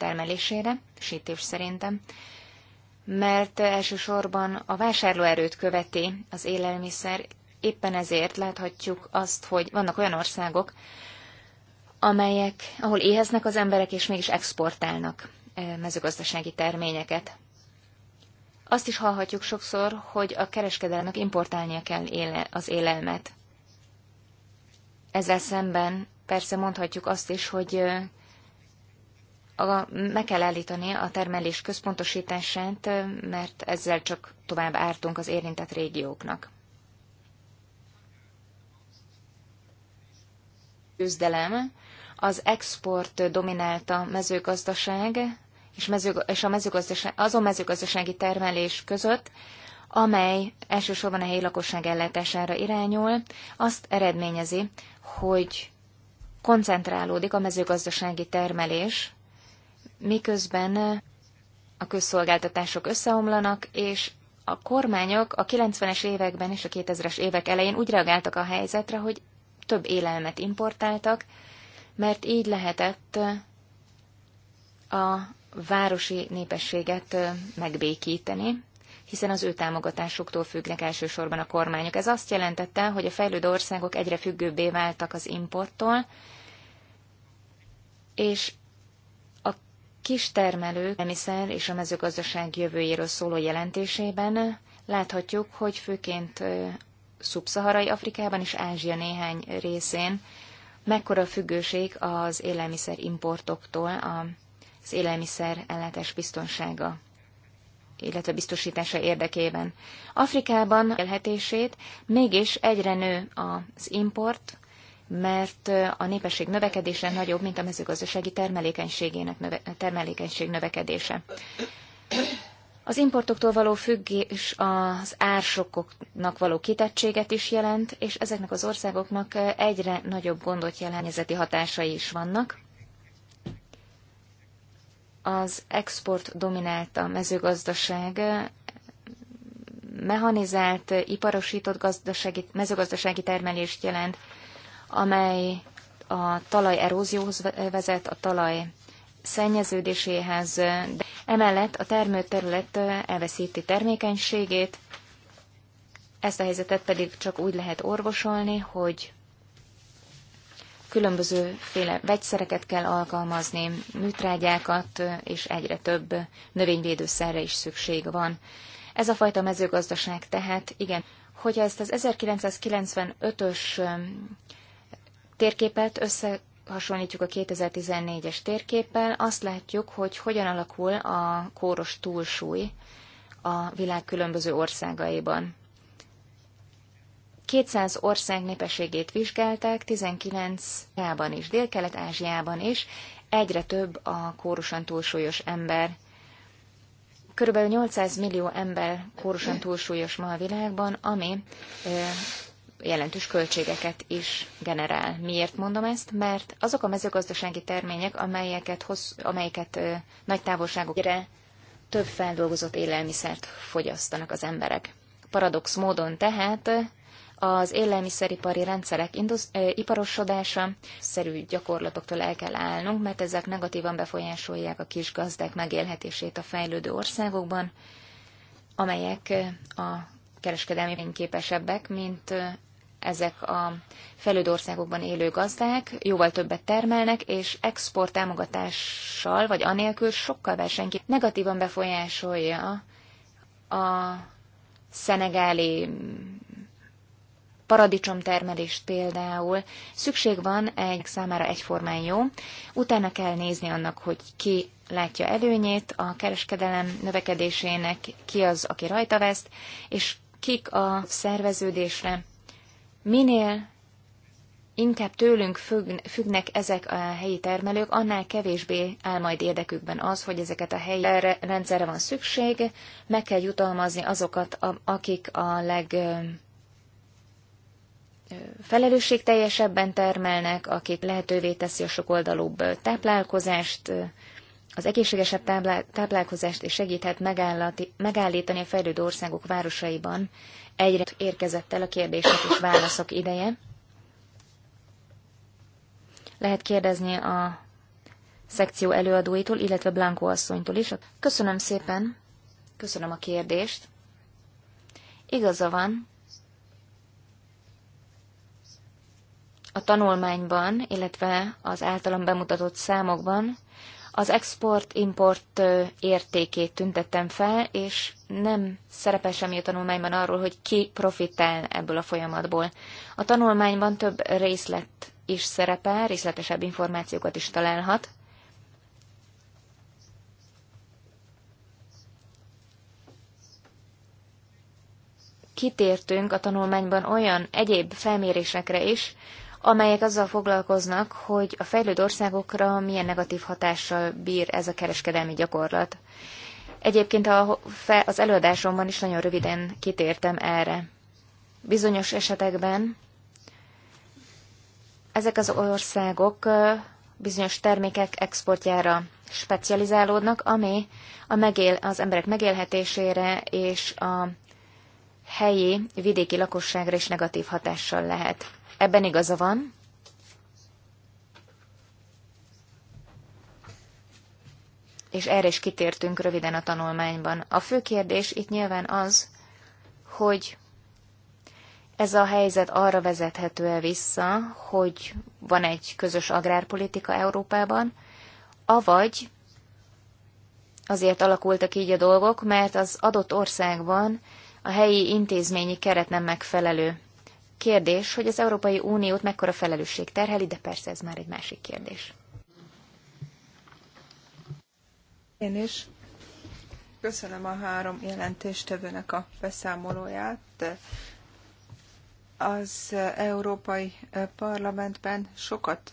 termelésére, sítés szerintem, mert elsősorban a vásárlóerőt követi az élelmiszer, éppen ezért láthatjuk azt, hogy vannak olyan országok, amelyek, ahol éheznek az emberek, és mégis exportálnak mezőgazdasági terményeket. Azt is hallhatjuk sokszor, hogy a kereskedelmek importálnia kell éle, az élelmet. Ezzel szemben persze mondhatjuk azt is, hogy a, meg kell állítani a termelés központosítását, mert ezzel csak tovább ártunk az érintett régióknak. Üzdelem? az export dominálta mezőgazdaság és, mezőg- és a mezőgazdaság, azon mezőgazdasági termelés között, amely elsősorban a helyi lakosság ellátására irányul, azt eredményezi, hogy koncentrálódik a mezőgazdasági termelés miközben a közszolgáltatások összeomlanak, és a kormányok a 90-es években és a 2000-es évek elején úgy reagáltak a helyzetre, hogy több élelmet importáltak, mert így lehetett a városi népességet megbékíteni, hiszen az ő támogatásuktól függnek elsősorban a kormányok. Ez azt jelentette, hogy a fejlődő országok egyre függőbbé váltak az importtól, és kistermelők, emiszer és a mezőgazdaság jövőjéről szóló jelentésében láthatjuk, hogy főként szubszaharai Afrikában és Ázsia néhány részén mekkora függőség az élelmiszer importoktól, az élelmiszer ellátás biztonsága illetve biztosítása érdekében. Afrikában élhetését mégis egyre nő az import, mert a népesség növekedése nagyobb, mint a mezőgazdasági termelékenységének növe, termelékenység növekedése. Az importoktól való függés az ársokoknak való kitettséget is jelent, és ezeknek az országoknak egyre nagyobb gondot jelent, hatásai is vannak. Az export dominált a mezőgazdaság mechanizált, iparosított gazdasági, mezőgazdasági termelést jelent, amely a talaj erózióhoz vezet, a talaj szennyeződéséhez, de emellett a termőterület elveszíti termékenységét, ezt a helyzetet pedig csak úgy lehet orvosolni, hogy különbözőféle vegyszereket kell alkalmazni, műtrágyákat, és egyre több növényvédőszerre is szükség van. Ez a fajta mezőgazdaság tehát, igen, hogyha ezt az 1995-ös térképet összehasonlítjuk a 2014-es térképpel, azt látjuk, hogy hogyan alakul a kóros túlsúly a világ különböző országaiban. 200 ország népességét vizsgálták, 19 ában is, Dél-Kelet-Ázsiában is, egyre több a kórosan túlsúlyos ember. Körülbelül 800 millió ember kórosan túlsúlyos ma a világban, ami jelentős költségeket is generál. Miért mondom ezt? Mert azok a mezőgazdasági termények, amelyeket, hossz, amelyeket ö, nagy távolságokra több feldolgozott élelmiszert fogyasztanak az emberek. Paradox módon tehát az élelmiszeripari rendszerek indus, ö, iparosodása szerű gyakorlatoktól el kell állnunk, mert ezek negatívan befolyásolják a kis gazdák megélhetését a fejlődő országokban, amelyek a kereskedelmi képesebbek, mint ezek a fejlődő országokban élő gazdák, jóval többet termelnek, és export támogatással vagy anélkül sokkal versenykép negatívan befolyásolja a szenegáli paradicsomtermelést például, szükség van egy számára egyformán jó, utána kell nézni annak, hogy ki látja előnyét a kereskedelem növekedésének, ki az, aki rajta veszt, és kik a szerveződésre Minél inkább tőlünk függ, függnek ezek a helyi termelők, annál kevésbé áll majd érdekükben az, hogy ezeket a helyi rendszerre van szükség, meg kell jutalmazni azokat, akik a leg felelősségteljesebben termelnek, akik lehetővé teszi a sokoldalúbb táplálkozást, az egészségesebb táplálkozást is segíthet megállítani a fejlődő országok városaiban. Egyre érkezett el a kérdések és válaszok ideje. Lehet kérdezni a szekció előadóitól, illetve Blanco asszonytól is. Köszönöm szépen, köszönöm a kérdést. Igaza van, a tanulmányban, illetve az általam bemutatott számokban az export-import értékét tüntettem fel, és nem szerepel semmi a tanulmányban arról, hogy ki profitál ebből a folyamatból. A tanulmányban több részlet is szerepel, részletesebb információkat is találhat. Kitértünk a tanulmányban olyan egyéb felmérésekre is, amelyek azzal foglalkoznak, hogy a fejlődő országokra milyen negatív hatással bír ez a kereskedelmi gyakorlat. Egyébként a, az előadásomban is nagyon röviden kitértem erre. Bizonyos esetekben ezek az országok bizonyos termékek exportjára specializálódnak, ami a megél, az emberek megélhetésére és a helyi vidéki lakosságra is negatív hatással lehet. Ebben igaza van. És erre is kitértünk röviden a tanulmányban. A fő kérdés itt nyilván az, hogy ez a helyzet arra vezethető e vissza, hogy van egy közös agrárpolitika Európában, avagy azért alakultak így a dolgok, mert az adott országban a helyi intézményi keret nem megfelelő. Kérdés, hogy az Európai Uniót mekkora felelősség terheli, de persze ez már egy másik kérdés. Én is köszönöm a három jelentéstevőnek a beszámolóját. Az Európai Parlamentben sokat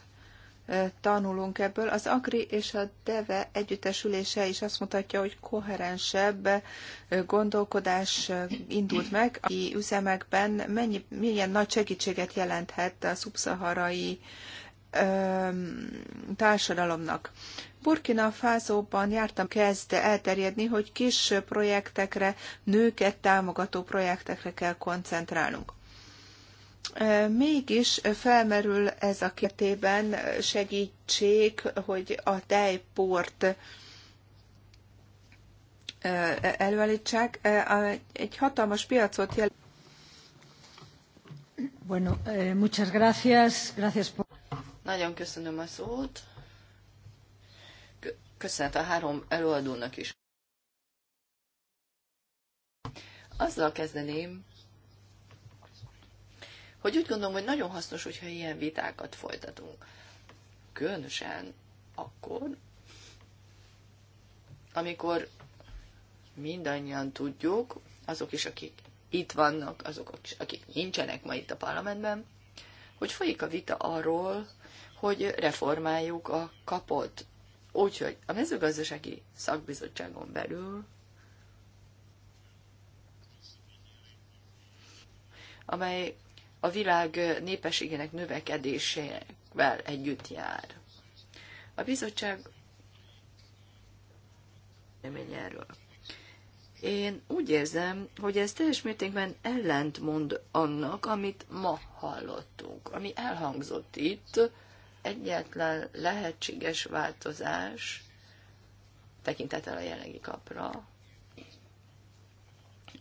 tanulunk ebből. Az AGRI és a DEVE együttesülése is azt mutatja, hogy koherensebb gondolkodás indult meg, A üzemekben mennyi, milyen nagy segítséget jelenthet a szubszaharai társadalomnak. Burkina Fázóban jártam, kezd elterjedni, hogy kis projektekre, nőket támogató projektekre kell koncentrálnunk. Mégis felmerül ez a kérdében segítség, hogy a tejport előállítsák. Egy hatalmas piacot jelent. Bueno, muchas gracias. Gracias por... Nagyon köszönöm a szót. Köszönet a három előadónak is. Azzal kezdeném, hogy úgy gondolom, hogy nagyon hasznos, hogyha ilyen vitákat folytatunk. Különösen akkor, amikor mindannyian tudjuk, azok is, akik itt vannak, azok, akik nincsenek ma itt a parlamentben, hogy folyik a vita arról, hogy reformáljuk a kapot. Úgyhogy a mezőgazdasági szakbizottságon belül amely a világ népességének növekedésével együtt jár. A bizottság erről. Én úgy érzem, hogy ez teljes mértékben ellentmond annak, amit ma hallottunk, ami elhangzott itt, egyetlen lehetséges változás tekintettel a jelenlegi kapra,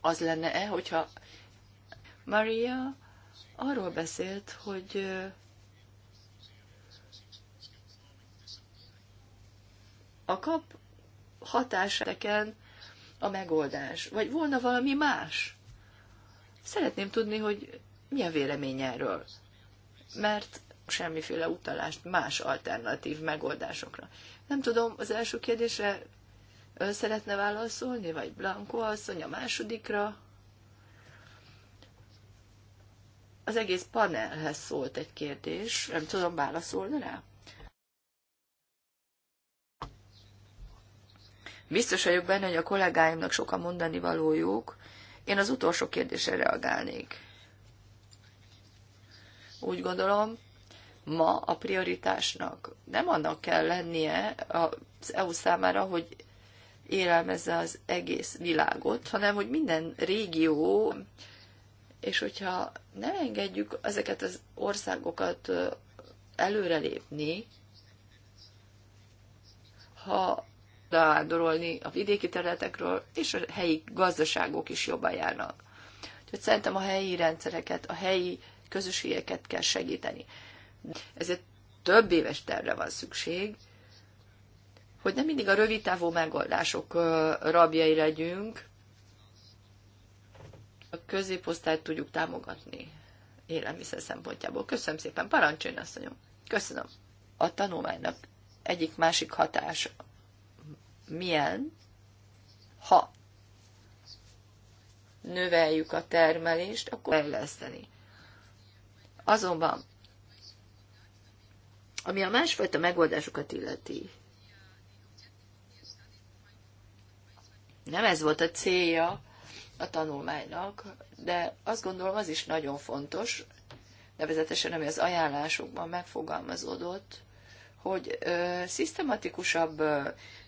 az lenne-e, hogyha Maria arról beszélt, hogy a kap hatásáteken a megoldás, vagy volna valami más. Szeretném tudni, hogy mi a vélemény erről, mert semmiféle utalást más alternatív megoldásokra. Nem tudom, az első kérdésre szeretne válaszolni, vagy Blanco asszony a másodikra? az egész panelhez szólt egy kérdés, nem tudom, válaszolni rá? Biztos vagyok benne, hogy a kollégáimnak sokan mondani valójuk. Én az utolsó kérdésre reagálnék. Úgy gondolom, ma a prioritásnak nem annak kell lennie az EU számára, hogy élelmezze az egész világot, hanem hogy minden régió és hogyha nem engedjük ezeket az országokat előrelépni, ha beáldorolni a vidéki területekről, és a helyi gazdaságok is jobban járnak. Úgyhogy szerintem a helyi rendszereket, a helyi közösségeket kell segíteni. Ezért több éves tervre van szükség, hogy nem mindig a rövid távú megoldások rabjai legyünk, a középosztályt tudjuk támogatni élelmiszer szempontjából. Köszönöm szépen, parancsoljon asszonyom. Köszönöm. A tanulmánynak egyik másik hatása milyen, ha növeljük a termelést, akkor fejleszteni. Azonban, ami a másfajta megoldásokat illeti, nem ez volt a célja a tanulmánynak, de azt gondolom az is nagyon fontos, nevezetesen ami az ajánlásokban megfogalmazódott, hogy ö, szisztematikusabb ö,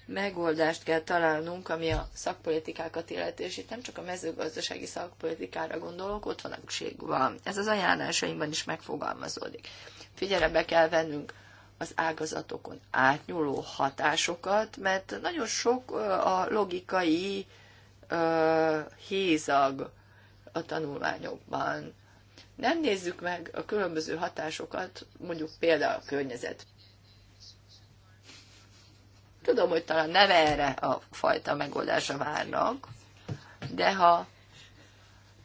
megoldást kell találnunk, ami a szakpolitikákat illeti, és itt nem csak a mezőgazdasági szakpolitikára gondolok, ott van a van. Ez az ajánlásaimban is megfogalmazódik. Figyelembe kell vennünk az ágazatokon átnyúló hatásokat, mert nagyon sok a logikai hézag a tanulmányokban. Nem nézzük meg a különböző hatásokat, mondjuk például a környezet. Tudom, hogy talán nem erre a fajta megoldása várnak, de ha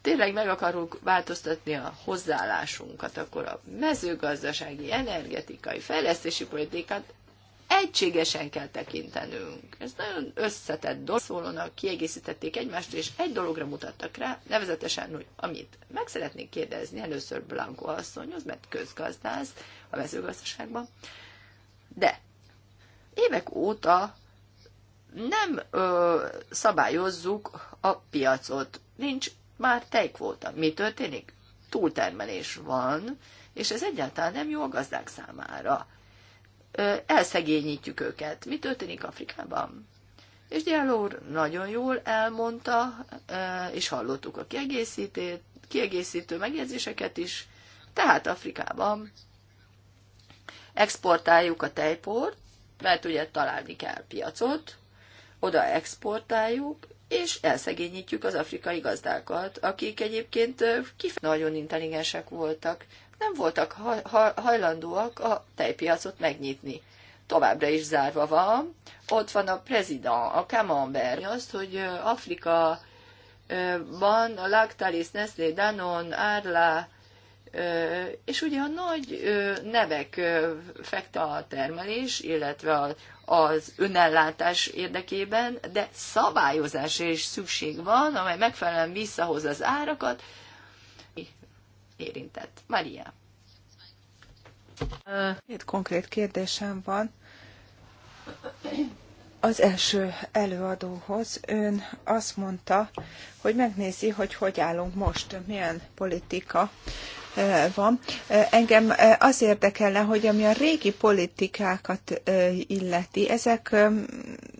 tényleg meg akarunk változtatni a hozzáállásunkat, akkor a mezőgazdasági, energetikai, fejlesztési politikát egységesen kell tekintenünk. Ez nagyon összetett dolog. Szólónak kiegészítették egymást, és egy dologra mutattak rá, nevezetesen, hogy amit meg szeretnék kérdezni először Blanco asszonyhoz, mert közgazdász a mezőgazdaságban, de évek óta nem ö, szabályozzuk a piacot. Nincs már tejkvóta. Mi történik? Túltermelés van, és ez egyáltalán nem jó a gazdák számára elszegényítjük őket. Mi történik Afrikában? És Diallo úr nagyon jól elmondta, és hallottuk a kiegészítő megjegyzéseket is. Tehát Afrikában exportáljuk a tejport, mert ugye találni kell piacot, oda exportáljuk, és elszegényítjük az afrikai gazdákat, akik egyébként kif- nagyon intelligensek voltak, nem voltak hajlandóak a tejpiacot megnyitni. Továbbra is zárva van. Ott van a prezident, a Camembert. Azt, hogy Afrika a Lactalis, Nestlé, Danon, Arla, és ugye a nagy nevek fekte a termelés, illetve az önellátás érdekében, de szabályozásra is szükség van, amely megfelelően visszahoz az árakat érintett. Maria. Két konkrét kérdésem van. Az első előadóhoz ön azt mondta, hogy megnézi, hogy hogy állunk most, milyen politika van. Engem az érdekelne, hogy ami a régi politikákat illeti, ezek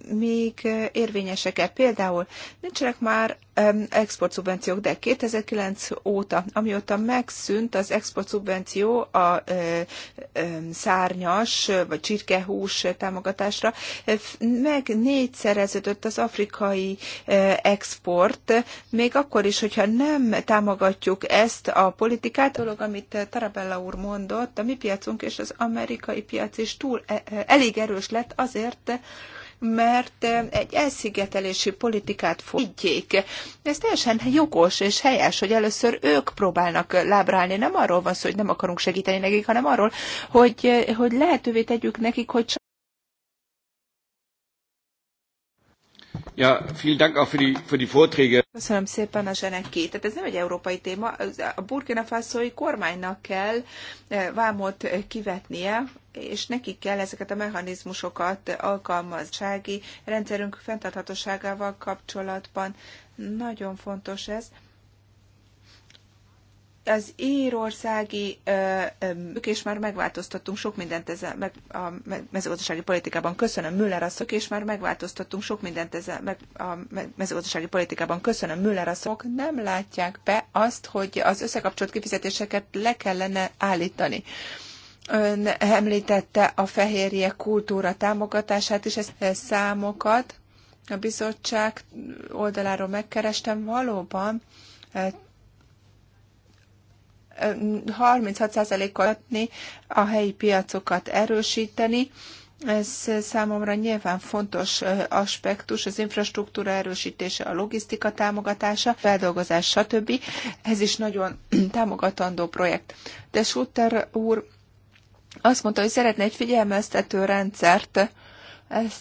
még érvényesek-e? Például nincsenek már exportszubvenciók, de 2009 óta, amióta megszűnt az exportszubvenció a ö, ö, szárnyas vagy csirkehús támogatásra, meg négyszereződött az afrikai export, még akkor is, hogyha nem támogatjuk ezt a politikát, a dolog, amit Tarabella úr mondott, a mi piacunk és az amerikai piac is túl e, e, elég erős lett azért, mert eh, egy elszigetelési politikát folytják. Ez teljesen jogos és helyes, hogy először ők próbálnak lábrálni. Nem arról van szó, hogy nem akarunk segíteni nekik, hanem arról, hogy, eh, hogy lehetővé tegyük nekik, hogy Ja, vielen Dank auch für die, für die Vorträge. Köszönöm szépen a Tehát ez nem egy európai téma, a Burkina Faszói kormánynak kell eh, vámot eh, kivetnie, és nekik kell ezeket a mechanizmusokat alkalmazsági rendszerünk fenntarthatóságával kapcsolatban. Nagyon fontos ez az írországi, és már megváltoztattunk sok mindent ezzel, meg, a mezőgazdasági politikában. Köszönöm Müller asszok, és már megváltoztattunk sok mindent ezzel, meg, a mezőgazdasági politikában. Köszönöm Müller asszok. Nem látják be azt, hogy az összekapcsolt kifizetéseket le kellene állítani. Ön említette a fehérje kultúra támogatását és ezt e, számokat. A bizottság oldaláról megkerestem valóban e, 36%-kal adni, a helyi piacokat erősíteni. Ez számomra nyilván fontos aspektus, az infrastruktúra erősítése, a logisztika támogatása, feldolgozás, stb. Ez is nagyon *clears throat* támogatandó projekt. De Schutter úr azt mondta, hogy szeretne egy figyelmeztető rendszert. Ezt...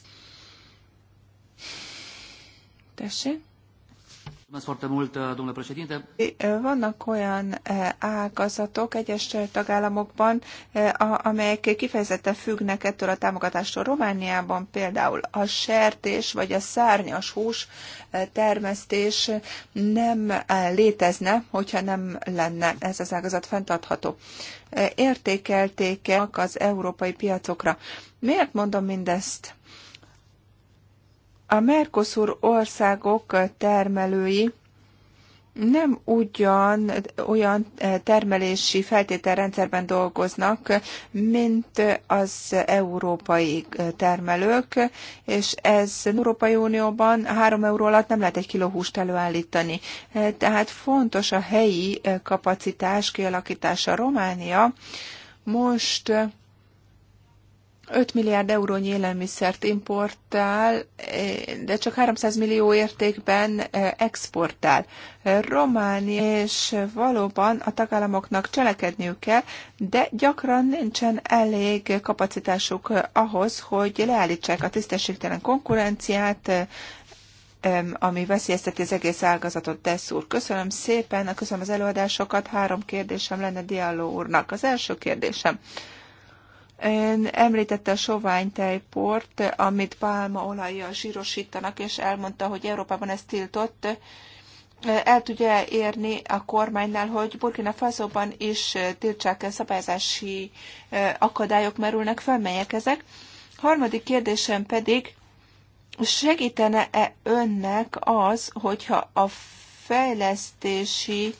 Tessék? E, e, vannak olyan e, ágazatok egyes tagállamokban, amelyek kifejezetten függnek ettől a támogatástól. Romániában például a sertés vagy a szárnyas hús termesztés nem létezne, hogyha nem lenne ez az ágazat fenntartható. Értékelték az európai piacokra. Miért mondom mindezt? a Mercosur országok termelői nem ugyan olyan eh, termelési feltételrendszerben dolgoznak, mint az európai eh, termelők, és ez Európai Unióban három euró alatt nem lehet egy kiló húst előállítani. Eh, tehát fontos a helyi kapacitás kialakítása. Románia most 5 milliárd eurónyi élelmiszert importál, de csak 300 millió értékben e, exportál. Románia, és valóban a tagállamoknak cselekedniük kell, de gyakran nincsen elég kapacitásuk e, ahhoz, hogy leállítsák a tisztességtelen konkurenciát, e, ami veszélyezteti az egész ágazatot, Dessz úr. Köszönöm szépen, köszönöm az előadásokat. Három kérdésem lenne Diallo úrnak. Az első kérdésem Ön említette a sovány tejport, amit pálmaolajjal sírosítanak, és elmondta, hogy Európában ez tiltott. El tudja érni a kormánynál, hogy Burkina Faso-ban is tiltsák szabályzási akadályok merülnek fel, melyek ezek. Harmadik kérdésem pedig, segítene-e önnek az, hogyha a fejlesztési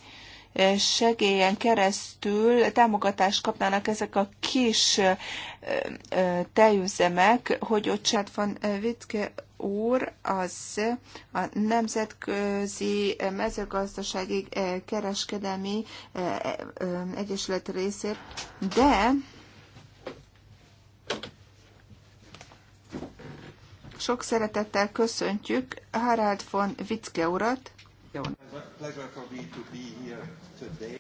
segélyen keresztül támogatást kapnának ezek a kis tejüzemek, hogy ott Csát van Vitke úr az a Nemzetközi Mezőgazdasági Kereskedelmi Egyesület részért, de sok szeretettel köszöntjük Harald von Vitke urat,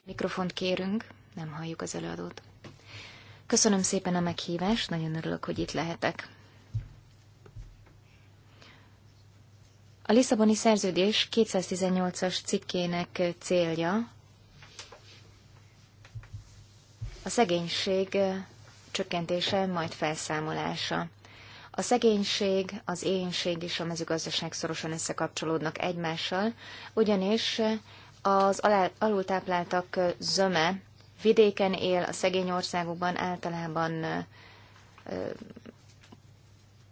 Mikrofont kérünk, nem halljuk az előadót. Köszönöm szépen a meghívást, nagyon örülök, hogy itt lehetek. A Lisszaboni szerződés 218-as cikkének célja a szegénység csökkentése, majd felszámolása. A szegénység, az éhénység és a mezőgazdaság szorosan összekapcsolódnak egymással, ugyanis az alultápláltak zöme vidéken él, a szegény országokban általában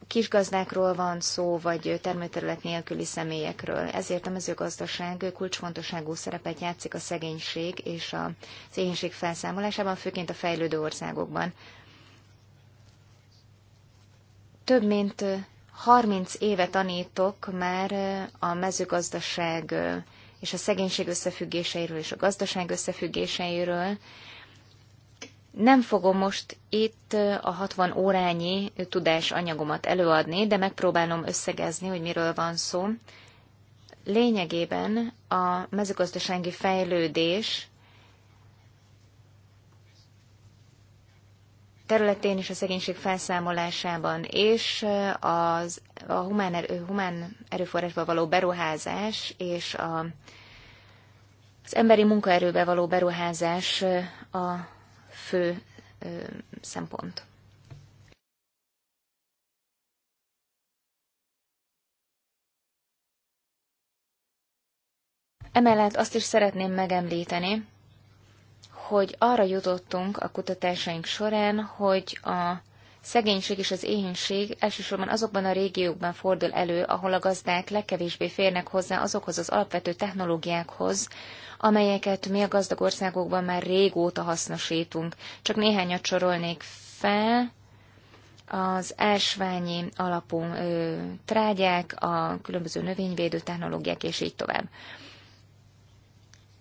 kisgazdákról van szó, vagy termőterület nélküli személyekről. Ezért a mezőgazdaság kulcsfontosságú szerepet játszik a szegénység és a éhénység felszámolásában, főként a fejlődő országokban. Több mint 30 éve tanítok már a mezőgazdaság és a szegénység összefüggéseiről és a gazdaság összefüggéseiről. Nem fogom most itt a 60 órányi tudásanyagomat előadni, de megpróbálom összegezni, hogy miről van szó. Lényegében a mezőgazdasági fejlődés területén és a szegénység felszámolásában, és az, a humán, erő, humán erőforrásba való beruházás és a, az emberi munkaerőbe való beruházás a fő szempont. Emellett azt is szeretném megemlíteni, hogy arra jutottunk a kutatásaink során, hogy a szegénység és az éhénység elsősorban azokban a régiókban fordul elő, ahol a gazdák legkevésbé férnek hozzá azokhoz az alapvető technológiákhoz, amelyeket mi a gazdag országokban már régóta hasznosítunk. Csak néhányat sorolnék fel. Az ásványi alapú ö, trágyák, a különböző növényvédő technológiák, és így tovább.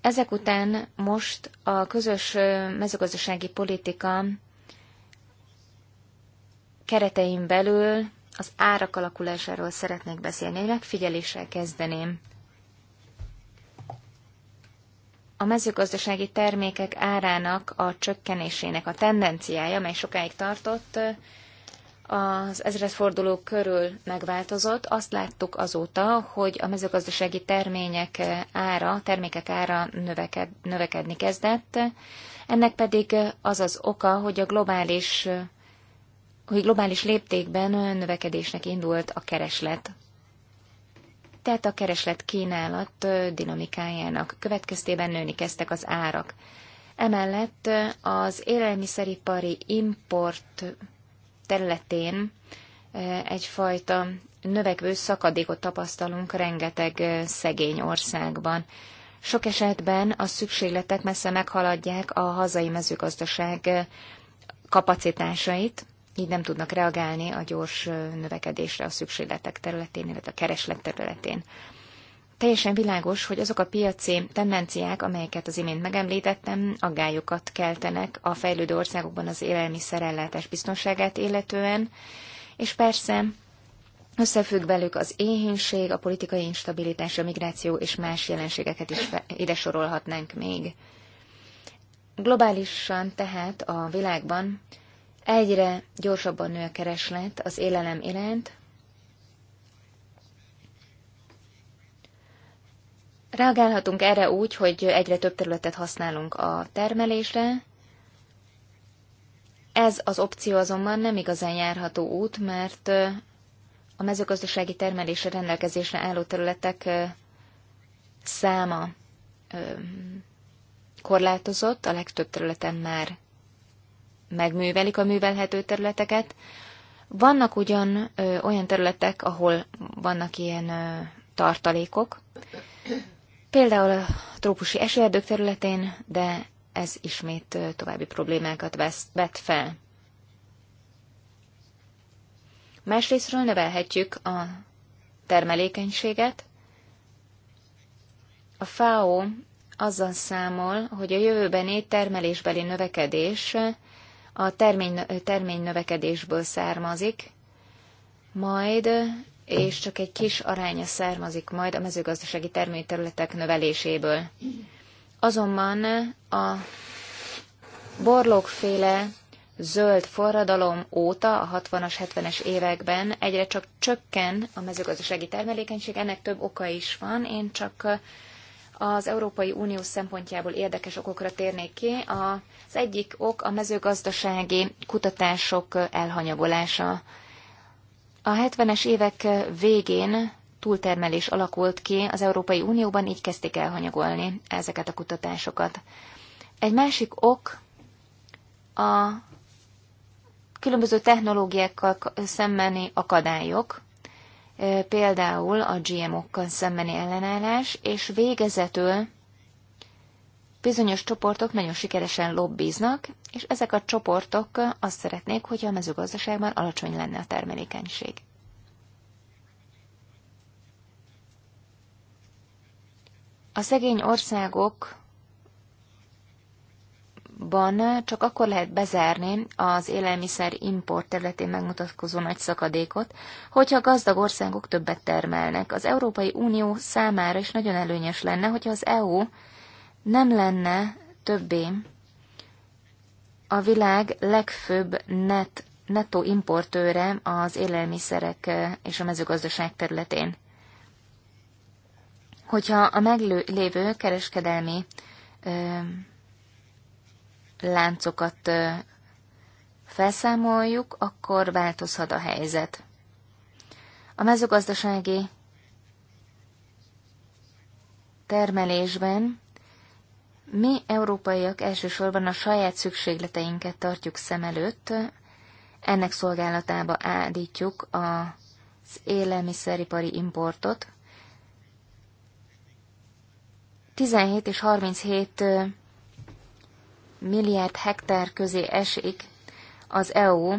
Ezek után most a közös mezőgazdasági politika keretein belül az árak alakulásáról szeretnék beszélni. Egy megfigyeléssel kezdeném. A mezőgazdasági termékek árának a csökkenésének a tendenciája, amely sokáig tartott, az ezredforduló körül megváltozott. Azt láttuk azóta, hogy a mezőgazdasági termények ára, termékek ára növeked, növekedni kezdett. Ennek pedig az az oka, hogy a globális hogy globális léptékben növekedésnek indult a kereslet. Tehát a kereslet kínálat dinamikájának következtében nőni kezdtek az árak. Emellett az élelmiszeripari import területén egyfajta növekvő szakadékot tapasztalunk rengeteg szegény országban. Sok esetben a szükségletek messze meghaladják a hazai mezőgazdaság kapacitásait, így nem tudnak reagálni a gyors növekedésre a szükségletek területén, illetve a kereslet területén teljesen világos, hogy azok a piaci tendenciák, amelyeket az imént megemlítettem, aggályokat keltenek a fejlődő országokban az élelmiszerellátás biztonságát illetően, és persze összefügg velük az éhénység, a politikai instabilitás, a migráció és más jelenségeket is ide sorolhatnánk még. Globálisan tehát a világban egyre gyorsabban nő a kereslet az élelem iránt, Reagálhatunk erre úgy, hogy egyre több területet használunk a termelésre. Ez az opció azonban nem igazán járható út, mert a mezőgazdasági termelésre rendelkezésre álló területek száma korlátozott, a legtöbb területen már megművelik a művelhető területeket. Vannak ugyan olyan területek, ahol vannak ilyen tartalékok, Például a trópusi esőerdők területén, de ez ismét további problémákat vet fel. Másrésztről növelhetjük a termelékenységet. A FAO azzal számol, hogy a jövőbeni termelésbeli növekedés a termény, termény növekedésből származik, majd és csak egy kis aránya származik majd a mezőgazdasági termőterületek növeléséből. Azonban a borlókféle zöld forradalom óta, a 60-as, 70-es években egyre csak csökken a mezőgazdasági termelékenység, ennek több oka is van, én csak az Európai Unió szempontjából érdekes okokra térnék ki. Az egyik ok a mezőgazdasági kutatások elhanyagolása a 70-es évek végén túltermelés alakult ki az Európai Unióban, így kezdték elhanyagolni ezeket a kutatásokat. Egy másik ok a különböző technológiákkal szembeni akadályok, például a GMO-kkal szembeni ellenállás, és végezetül bizonyos csoportok nagyon sikeresen lobbiznak, és ezek a csoportok azt szeretnék, hogyha a mezőgazdaságban alacsony lenne a termelékenység. A szegény országokban csak akkor lehet bezárni az élelmiszer import területén megmutatkozó nagy szakadékot, hogyha a gazdag országok többet termelnek. Az Európai Unió számára is nagyon előnyös lenne, hogyha az EU nem lenne többé a világ legfőbb net, netto importőre az élelmiszerek eh, és a mezőgazdaság területén. Hogyha a meglévő kereskedelmi ö, eh, láncokat ö, eh, felszámoljuk, akkor változhat a helyzet. A mezőgazdasági termelésben mi, európaiak elsősorban a saját szükségleteinket tartjuk szem előtt, ennek szolgálatába áldítjuk az élelmiszeripari importot. 17 és 37 milliárd hektár közé esik az EU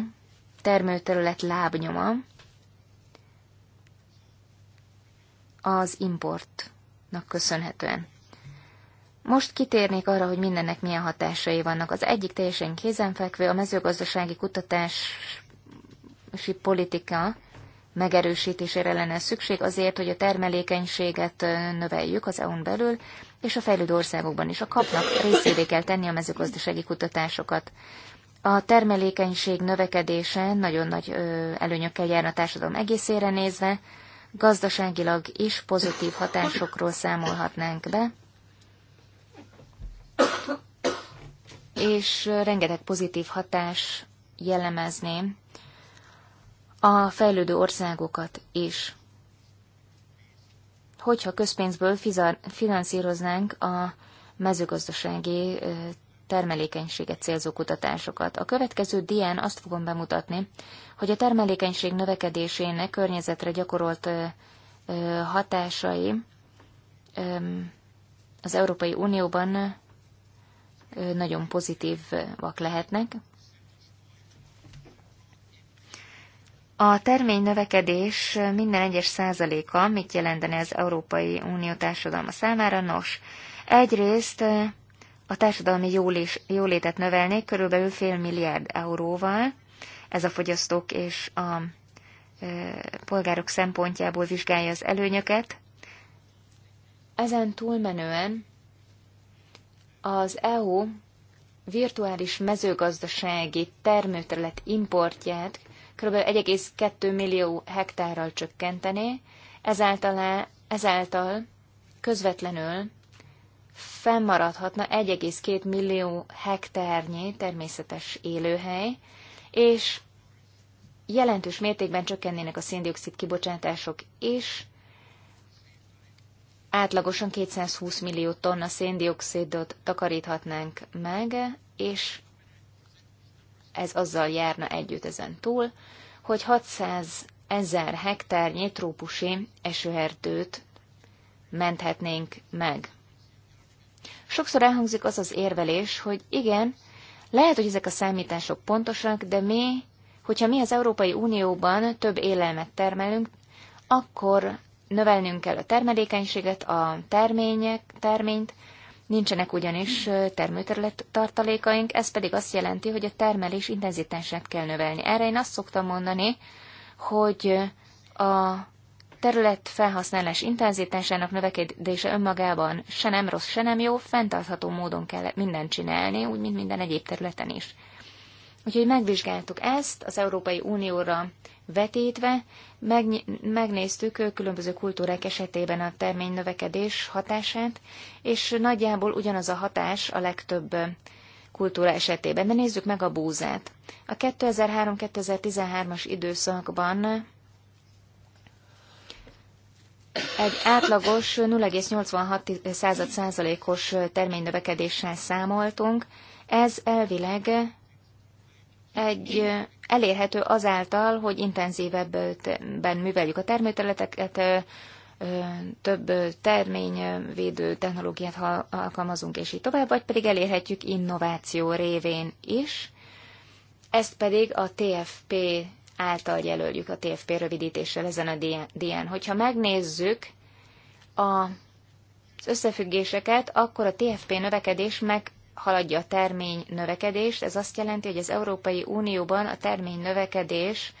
termőterület lábnyoma az importnak köszönhetően. Most kitérnék arra, hogy mindennek milyen hatásai vannak. Az egyik teljesen kézenfekvő, a mezőgazdasági kutatási politika megerősítésére lenne szükség azért, hogy a termelékenységet növeljük az EU-n belül, és a fejlődő országokban is. A kapnak részévé kell tenni a mezőgazdasági kutatásokat. A termelékenység növekedése nagyon nagy előnyökkel jár a társadalom egészére nézve, gazdaságilag is pozitív hatásokról számolhatnánk be, és rengeteg pozitív hatás jellemezné a fejlődő országokat is. Hogyha közpénzből finanszíroznánk a mezőgazdasági termelékenységet célzó kutatásokat. A következő dián azt fogom bemutatni, hogy a termelékenység növekedésének környezetre gyakorolt hatásai az Európai Unióban nagyon pozitívak lehetnek. A termény növekedés minden egyes százaléka mit jelentene az Európai Unió társadalma számára? Nos, egyrészt a társadalmi jólés, jólétet növelnék körülbelül fél milliárd euróval, ez a fogyasztók és a polgárok szempontjából vizsgálja az előnyöket. Ezen túlmenően az EU virtuális mezőgazdasági termőterület importját kb. 1,2 millió hektárral csökkentené, ezáltal, ezáltal közvetlenül fennmaradhatna 1,2 millió hektárnyi természetes élőhely, és jelentős mértékben csökkennének a széndiokszid kibocsátások is, átlagosan 220 millió tonna széndiokszidot takaríthatnánk meg, és ez azzal járna együtt ezen túl, hogy 600 ezer hektárnyi trópusi esőerdőt menthetnénk meg. Sokszor elhangzik az az érvelés, hogy igen, lehet, hogy ezek a számítások pontosak, de mi, hogyha mi az Európai Unióban több élelmet termelünk, akkor növelnünk kell a termelékenységet, a termények, terményt, nincsenek ugyanis termőterület tartalékaink, ez pedig azt jelenti, hogy a termelés intenzitását kell növelni. Erre én azt szoktam mondani, hogy a terület felhasználás intenzitásának növekedése önmagában se nem rossz, se nem jó, fenntartható módon kell mindent csinálni, úgy, mint minden egyéb területen is. Úgyhogy megvizsgáltuk ezt, az Európai Unióra vetítve, megnéztük különböző kultúrák esetében a termény növekedés hatását, és nagyjából ugyanaz a hatás a legtöbb kultúra esetében. De nézzük meg a búzát. A 2003-2013-as időszakban egy átlagos 0,86 os terménynövekedéssel számoltunk. Ez elvileg egy elérhető azáltal, hogy intenzívebben műveljük a termőterületeket, több terményvédő technológiát alkalmazunk, és így tovább, vagy pedig elérhetjük innováció révén is. Ezt pedig a TFP által jelöljük a TFP rövidítéssel ezen a dián. Hogyha megnézzük a az összefüggéseket, akkor a TFP növekedés meg haladja a termény növekedést. Ez azt jelenti, hogy az Európai Unióban a termény növekedés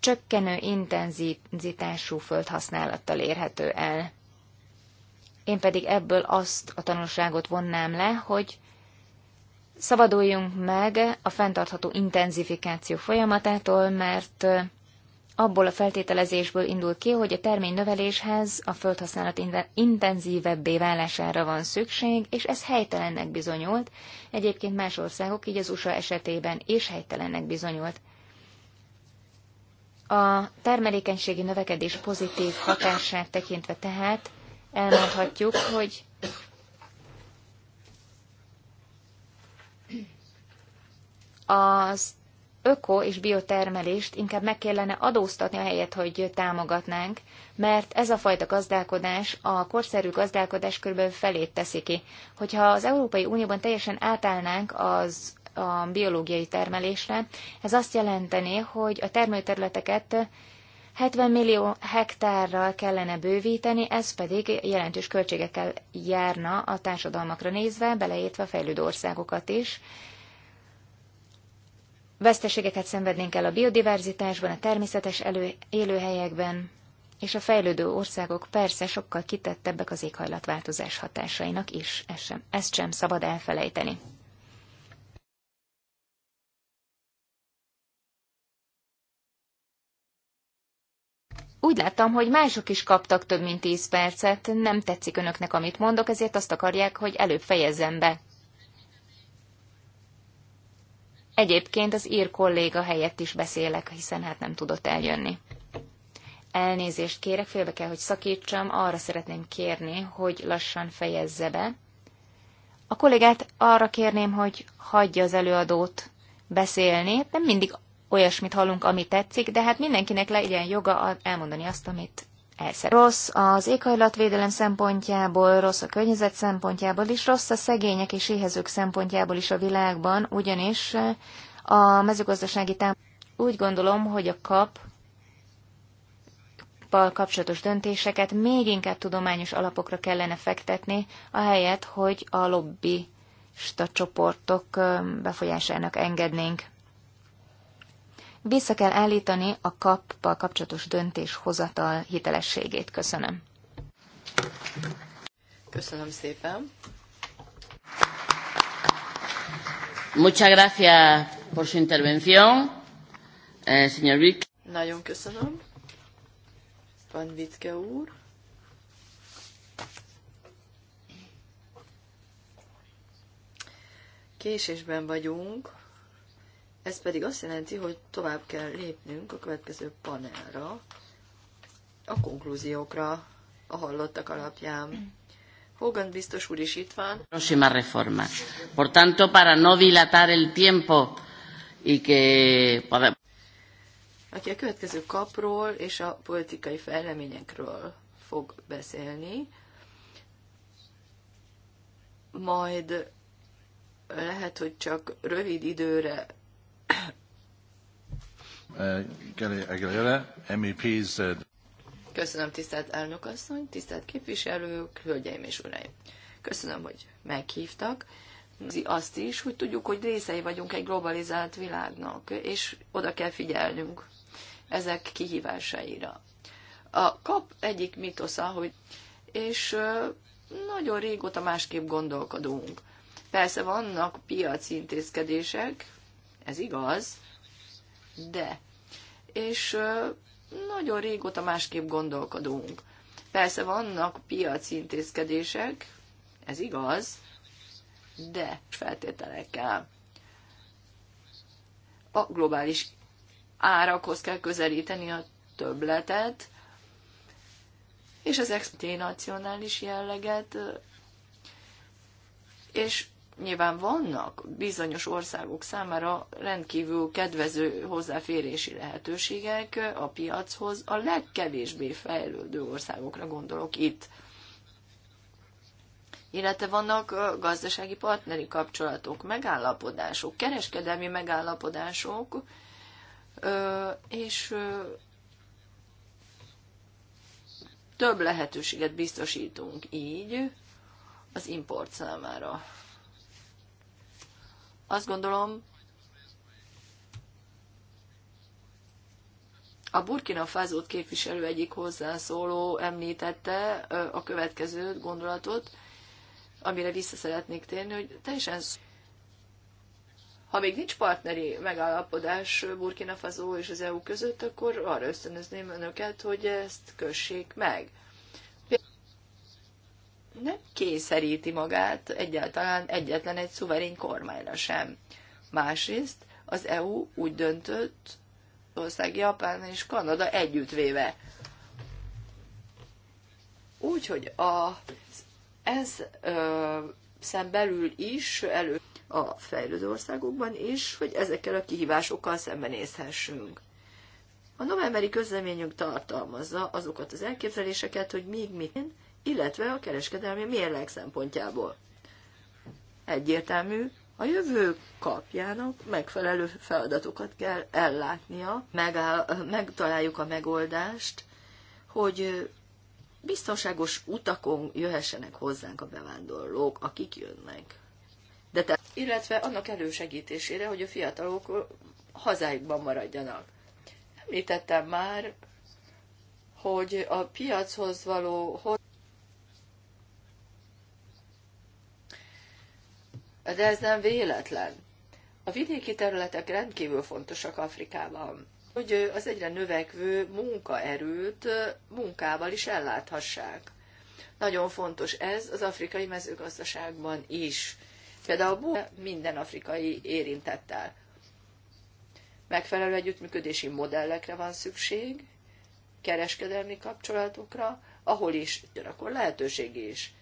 csökkenő intenzitású földhasználattal érhető el. Én pedig ebből azt a tanulságot vonnám le, hogy szabaduljunk meg a fenntartható intenzifikáció folyamatától, mert abból a feltételezésből indul ki, hogy a termény növeléshez a földhasználat intenzívebbé válására van szükség, és ez helytelennek bizonyult. Egyébként más országok, így az USA esetében is helytelennek bizonyult. A termelékenységi növekedés pozitív hatását tekintve tehát elmondhatjuk, hogy az öko és biotermelést inkább meg kellene adóztatni a helyet, hogy támogatnánk, mert ez a fajta gazdálkodás, a korszerű gazdálkodás kb. felét teszi ki. Hogyha az Európai Unióban teljesen átállnánk az a biológiai termelésre, ez azt jelenteni, hogy a termőterületeket 70 millió hektárral kellene bővíteni, ez pedig jelentős költségekkel járna a társadalmakra nézve, beleértve a fejlődő országokat is, veszteségeket szenvednénk el a biodiverzitásban, a természetes elő, élőhelyekben, és a fejlődő országok persze sokkal kitettebbek az éghajlatváltozás hatásainak is, ezt sem, ezt sem szabad elfelejteni. Úgy láttam, hogy mások is kaptak több mint tíz percet, nem tetszik önöknek, amit mondok, ezért azt akarják, hogy előbb fejezzem be. Egyébként az ír kolléga helyett is beszélek, hiszen hát nem tudott eljönni. Elnézést kérek, félbe kell, hogy szakítsam, arra szeretném kérni, hogy lassan fejezze be. A kollégát arra kérném, hogy hagyja az előadót beszélni, nem mindig olyasmit hallunk, ami tetszik, de hát mindenkinek legyen joga elmondani azt, amit elszer. Rossz az éghajlatvédelem szempontjából, rossz a környezet szempontjából is, rossz a szegények és éhezők szempontjából is a világban, ugyanis eh, a mezőgazdasági tám... Úgy gondolom, hogy a kap kapcsolatos döntéseket még inkább tudományos alapokra kellene fektetni, ahelyett, hogy a lobbista csoportok eh, befolyásának engednénk. Vissza kell állítani a kappal kapcsolatos döntéshozatal hitelességét. Köszönöm. Köszönöm szépen. Muchas gracias por su intervención, eh, señor Vic. Nagyon köszönöm. Van Vitke úr. Késésben vagyunk, ez pedig azt jelenti, hogy tovább kell lépnünk a következő panelra, a konklúziókra, a hallottak alapján. Hogan biztos úr is itt van. Próxima reforma. Por tanto, para no dilatar el tiempo y que... Aki a következő kapról és a politikai fejleményekről fog beszélni, majd lehet, hogy csak rövid időre Köszönöm, tisztelt elnök asszony, tisztelt képviselők, hölgyeim és uraim. Köszönöm, hogy meghívtak. Azt is, hogy tudjuk, hogy részei vagyunk egy globalizált világnak, és oda kell figyelnünk ezek kihívásaira. A kap egyik mitosza, hogy és nagyon régóta másképp gondolkodunk. Persze vannak piaci intézkedések, ez igaz, de. És nagyon régóta másképp gondolkodunk. Persze vannak piaci intézkedések, ez igaz, de feltételekkel. A globális árakhoz kell közelíteni a többletet, és az exténacionális jelleget, és nyilván vannak bizonyos országok számára rendkívül kedvező hozzáférési lehetőségek a piachoz, a legkevésbé fejlődő országokra gondolok itt. Illetve vannak gazdasági partneri kapcsolatok, megállapodások, kereskedelmi megállapodások, és több lehetőséget biztosítunk így az import számára. Azt gondolom, A Burkina Fázót képviselő egyik hozzászóló említette a következő gondolatot, amire vissza szeretnék térni, hogy teljesen ha még nincs partneri megállapodás Burkina Faso és az EU között, akkor arra ösztönözném önöket, hogy ezt kössék meg nem kényszeríti magát egyáltalán egyetlen egy szuverén kormányra sem. Másrészt az EU úgy döntött, ország Japán és Kanada együttvéve. Úgyhogy a ez ö, szem belül is elő a fejlődő országokban is, hogy ezekkel a kihívásokkal szembenézhessünk. A novemberi közleményünk tartalmazza azokat az elképzeléseket, hogy még mit illetve a kereskedelmi mérleg szempontjából. Egyértelmű, a jövő kapjának megfelelő feladatokat kell ellátnia, megáll, megtaláljuk a megoldást, hogy biztonságos utakon jöhessenek hozzánk a bevándorlók, akik jönnek. De te, illetve annak elősegítésére, hogy a fiatalok hazáikban maradjanak. Említettem már, hogy a piachoz való de ez nem véletlen. A vidéki területek rendkívül fontosak Afrikában, hogy az egyre növekvő munkaerőt munkával is elláthassák. Nagyon fontos ez az afrikai mezőgazdaságban is. Például minden afrikai érintettel. Megfelelő együttműködési modellekre van szükség, kereskedelmi kapcsolatokra, ahol is, ugyanakkor lehetőség is.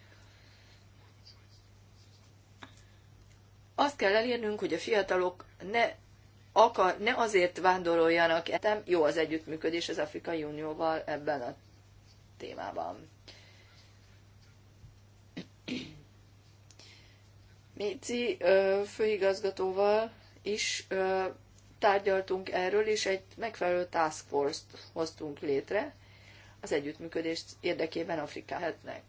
Azt kell elérnünk, hogy a fiatalok ne, akar, ne azért vándoroljanak, nem jó az együttműködés az Afrikai Unióval ebben a témában. Méci főigazgatóval is tárgyaltunk erről, és egy megfelelő task force-t hoztunk létre az együttműködés érdekében Afrikáhetnek.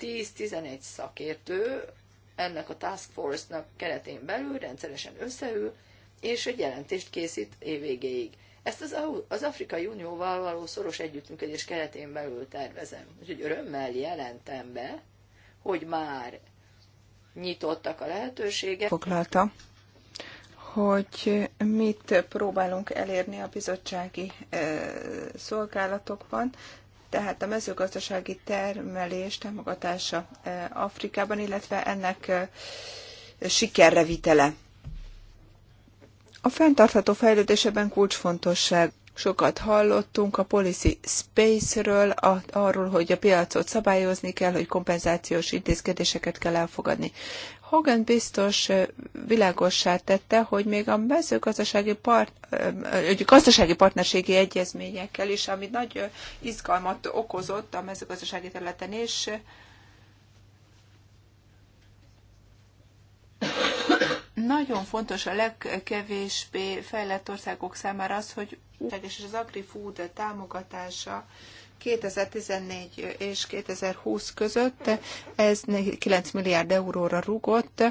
10-11 szakértő ennek a task force-nak keretén belül rendszeresen összeül, és egy jelentést készít évvégéig. Ezt az, az Afrikai Unióval való szoros együttműködés keretén belül tervezem. Úgyhogy örömmel jelentem be, hogy már nyitottak a lehetőségek. Foglalta, hogy mit próbálunk elérni a bizottsági eh, szolgálatokban, tehát a mezőgazdasági termelés támogatása eh, Afrikában, illetve ennek eh, sikerre vitele. A fenntartható fejlődésében kulcsfontosság Sokat hallottunk a policy space-ről, arról, hogy a piacot szabályozni kell, hogy kompenzációs intézkedéseket kell elfogadni. Hogan biztos világossá tette, hogy még a mezőgazdasági part, gazdasági partnerségi egyezményekkel is, ami nagy izgalmat okozott a mezőgazdasági területen is, Nagyon fontos a legkevésbé fejlett országok számára az, hogy és az AgriFood támogatása 2014 és 2020 között ez 9 milliárd euróra rugott.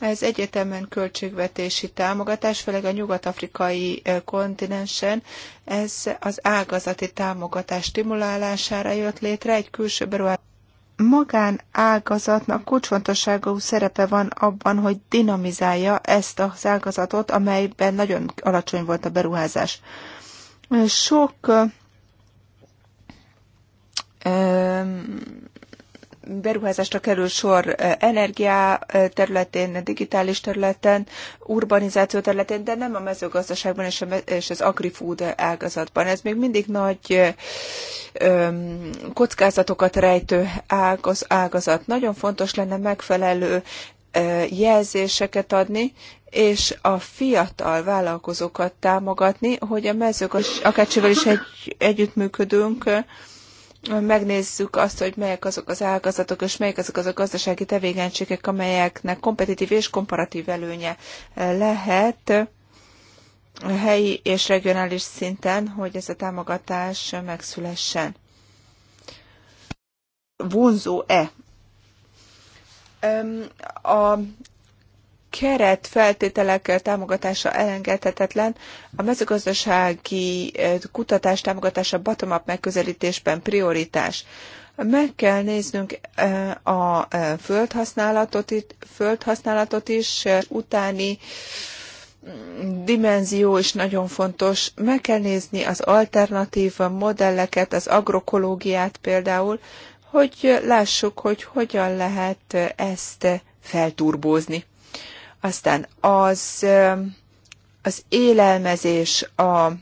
Ez egyetemen költségvetési támogatás, főleg a nyugat-afrikai kontinensen, ez az ágazati támogatás stimulálására jött létre, egy külső beruházás Magán ágazatnak kulcsfontosságú szerepe van abban, hogy dinamizálja ezt az ágazatot, amelyben nagyon alacsony volt a beruházás. Sok beruházásra kerül sor energiá területén, digitális területen, urbanizáció területén, de nem a mezőgazdaságban és az agrifood ágazatban. Ez még mindig nagy kockázatokat rejtő ágazat. Nagyon fontos lenne megfelelő jelzéseket adni, és a fiatal vállalkozókat támogatni, hogy a mezőgazdaság, akárcsivel is egy, együttműködünk, megnézzük azt, hogy melyek azok az ágazatok, és melyek azok az a gazdasági tevékenységek, amelyeknek kompetitív és komparatív előnye lehet helyi és regionális szinten, hogy ez a támogatás megszülessen. Vonzó-e? A keret feltételek támogatása elengedhetetlen. A mezőgazdasági eh, kutatás támogatása bottom-up megközelítésben prioritás. Meg kell néznünk eh, a földhasználatot, eh, földhasználatot is, utáni mm, dimenzió is nagyon fontos. Meg kell nézni az alternatív modelleket, az agrokológiát például, hogy lássuk, hogy hogyan lehet ezt felturbózni. Aztán az, az élelmezés, a